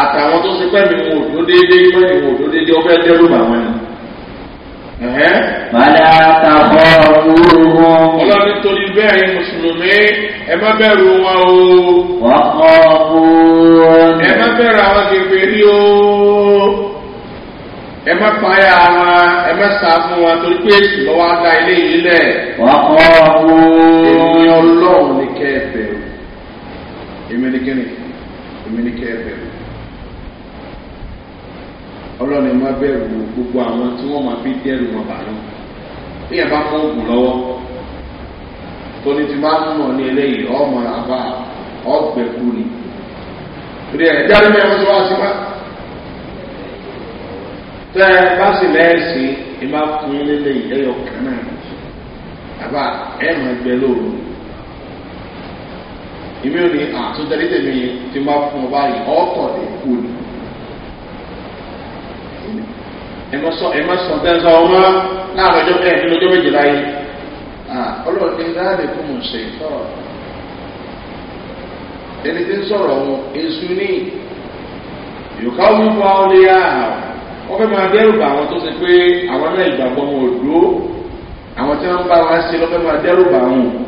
àtàwọn tó ṣe pẹ́ẹ́mì wọn ò déédéé wọn déédéé ni. òwúrò. Ọlọ́ni torí bẹ́ẹ̀ Mùsùlùmí ẹ má bẹ̀rù wọn o. Ẹ má bẹ̀rù àwọn o. Ẹ má payà èmi ní kíni èmi ní kẹ́ ẹ bẹ̀rù ọlọ́ni má bẹ̀rù gbogbo àwọn tí wọ́n máa fi dẹ́rù wọn bàánú bí yẹn bá mú òògùn lọ́wọ́ tóní ti máa ń nà ní eléyìí ọmọ àbá ọgbẹ̀kú ni torí ẹ̀ jáde mẹ́rin tó wá sí wá tẹ́ ẹ bá sì lẹ́ẹ̀sì ẹ fún yín lélẹ́yìí ẹ̀yọ̀ kan àbá ẹ̀ máa gbẹ lóòrùn èmi ò ní àtúntẹ̀lé tèmi tí n bá fún ọ báyìí ọ̀tọ̀ lè ni. ẹ má sọ ẹ má sọ tẹ́sán ọmọ láàrin ọjọ́ ẹ̀ nínú ọjọ́ méjìlá yìí ọlọ́run ní láàrin fún mò ń ṣe ìtọ́rọ̀ ẹni tí ń sọ̀rọ̀ wọn èṣù ní yòókà wọn fún àwọn ní àhà wọn fẹ́ máa dẹ́rù bá àwọn tó ṣe pé àwọn náà ìgbàgbọ́ wọn ò dúró àwọn tí wọ́n ń bá wọn ṣe lọ́fẹ́ máa dẹ́rù bá wọn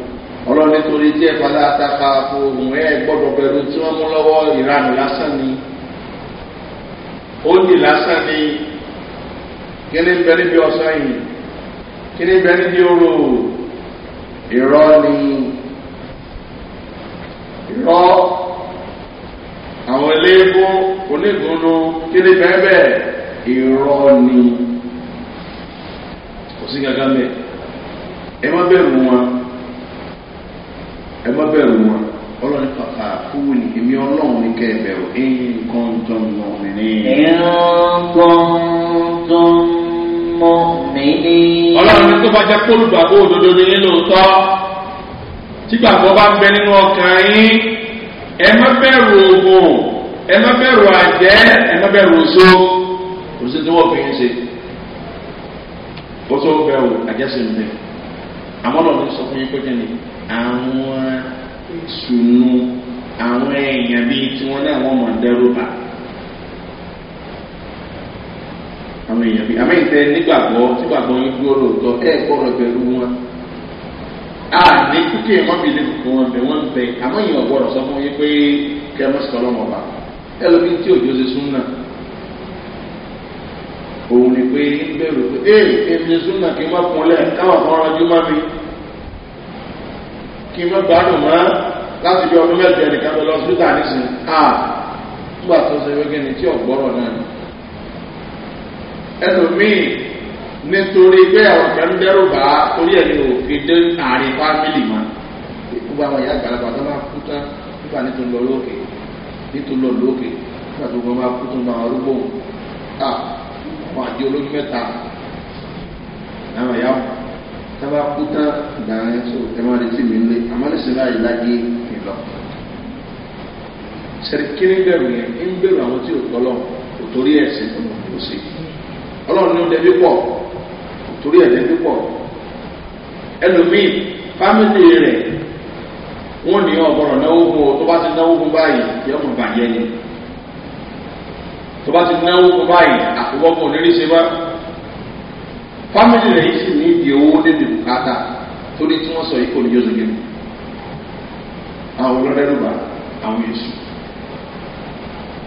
ọlọ́run nítorí tí ẹ̀fà látàkà ohun ẹ̀ gbọ́dọ̀ bẹ̀rù tí wọ́n mú lọ́wọ́ ìranù lásán ni ó ní lásán ni kí ni bẹ níbi ọ̀sán yìí kí ni bẹ níbi oró ìrọ́ ni ìrọ́ àwọn eléégún onígunnu kí ni bẹ́ẹ̀ bẹ́ẹ̀ ìrọ́ ni kò sí gàgà mẹ́ ẹ má bẹ̀rù wọn ẹ má bẹ̀rù wọn ọlọ́run pàpà fúwù ní èmi ọlọ́run ní kẹ́ ẹ bẹ̀rù nǹkan tó ń mọ̀ mí ní. nǹkan tó ń mọ̀ mí ní. ọlọ́run ní tó bá jẹ́ kólùgbàgbọ́ òdodo ní nínú tọ́ tígbàgbọ́ bá ń bẹ nínú ọkàn yín ẹ má bẹ̀rù oògùn ẹ má bẹ̀rù àjẹ́ ẹ má bẹ̀rù oṣó oṣù tí wọ́n fi ń ṣe oṣó bẹ̀rù àjẹsìn mi àmọ́ lọ́run sọ fún yín pé kí ni àwọn sùnù àwọn èèyàn bíi tiwọn náà wọ́n mọ̀ dẹ́rù bá àwọn èèyàn bíi àmọ́ ìtẹ́ nígbàgbọ́ nígbàgbọ́ yín dúró lóòótọ́ ẹ̀ kọ́rọ̀ pẹ̀lú wọn a ní kúkẹ́ wọn bí lẹ́nu kó wọn bẹ wọn bẹ àmọ́ ìyẹn ọ̀gbọ́dọ̀ sọ fún yín pé kẹ́ ẹ mọ̀ sí ọlọ́mọ ọba ẹ lóbi tí òjò ṣe sún náà òun ni pé ń bẹ̀rù pé ẹ ẹ ṣe sún náà kí n má kúnlẹ̀ káwọn kan rọjú má mi kí n mọ́ gbádùn mọ́ láti bí ọdún mẹ́jọ ẹnìkan lọ lọ́sítà nísìn à nígbà tó ṣe wégé ni tí ọ̀gbọ́rọ̀ náà ni. ẹlòmíì nítorí pé àwọn kan dẹ́rù bá torí ẹ̀ ní òfin dé àárín fámìlì mọ́ gbogbo àwọn ìyá àgbàlagbà tó máa kú tán nígbà nítorí lọ lókè nítorí lọ lókè nígbà tó máa kú tó máa rúgbò ta àwọn àjẹ olójú mẹ́ta náà yà wọ́n tábà kú tán ìgbà yẹn tó ẹ máa retí mi lé àmọ́ ní sinmi àyè lágé mi lọ. sẹ̀ríkìrì bẹ̀rù yẹn ń bẹ̀rù àwọn tí ò tọ́lọ̀ kò torí ẹ̀ sí kò sí. ọlọ́run ní ọdẹ pípọ̀ kò torí ẹ̀ dẹ́ pípọ̀. ẹlòmíì fámìlì rẹ̀ wọ́n ní ọ̀bọ̀rọ̀ náwó fún ọ tó bá ti náwó fún báyìí yóò mọ̀ bàjẹ́ ni. tó bá ti náwó fún báyìí àfọwọ́kùn onírìṣẹ́ wá fámìlì rẹ̀ yìí sì ní ibi owó débi bùkátà torí tí wọ́n sọ yìí kò ní yóò zèlè mu àwọn olórẹ́lùbà àwọn èṣù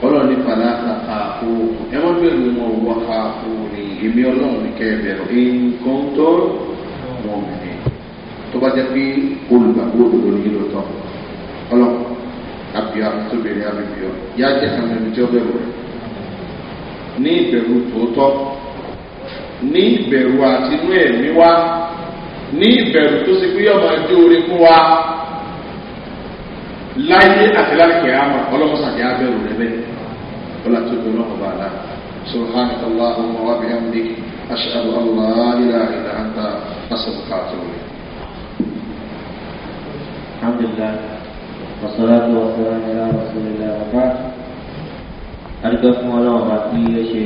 ọlọ́ọ̀ni padà kàkà òwò ẹ má bẹ̀rù wọn wọ́n kà òwò ní èmi ọlọ́run ní kẹ́ẹ̀bẹ̀rù nǹkan tó mọ̀ mí tó bá jẹ́ pé olùgbàgbọ́ òdòdó ní ìlú tọ́ ọlọ́run àbíọ́ àtúbẹ̀rẹ̀ àbíọ́ yá jẹ́ kàmẹ́rin tí ó bẹ̀rù rẹ̀ ní ìbẹ̀rù tòótọ́ ní ìbẹ̀rù àtinú ẹ̀mí wá ní ìbẹ̀rù tó ṣe pé yọ̀mọ̀ ẹjọ́ orí fún wa láyé àti lálùkẹ́ àmọ̀ ọlọ́mọsàkẹ́ abẹ́rù rẹ bẹ́ẹ̀ ọlá tó gbóná ọba àlá subhanahu wa ta'ala wa wa bihamdi ashhadu an la ilaha illa anta astaghfiruka wa atubu ilayk alhamdulillah wassalatu wassalamu ala rasulillah wa ba'd adúgbò fún ọlọ́run bá tí ó ṣe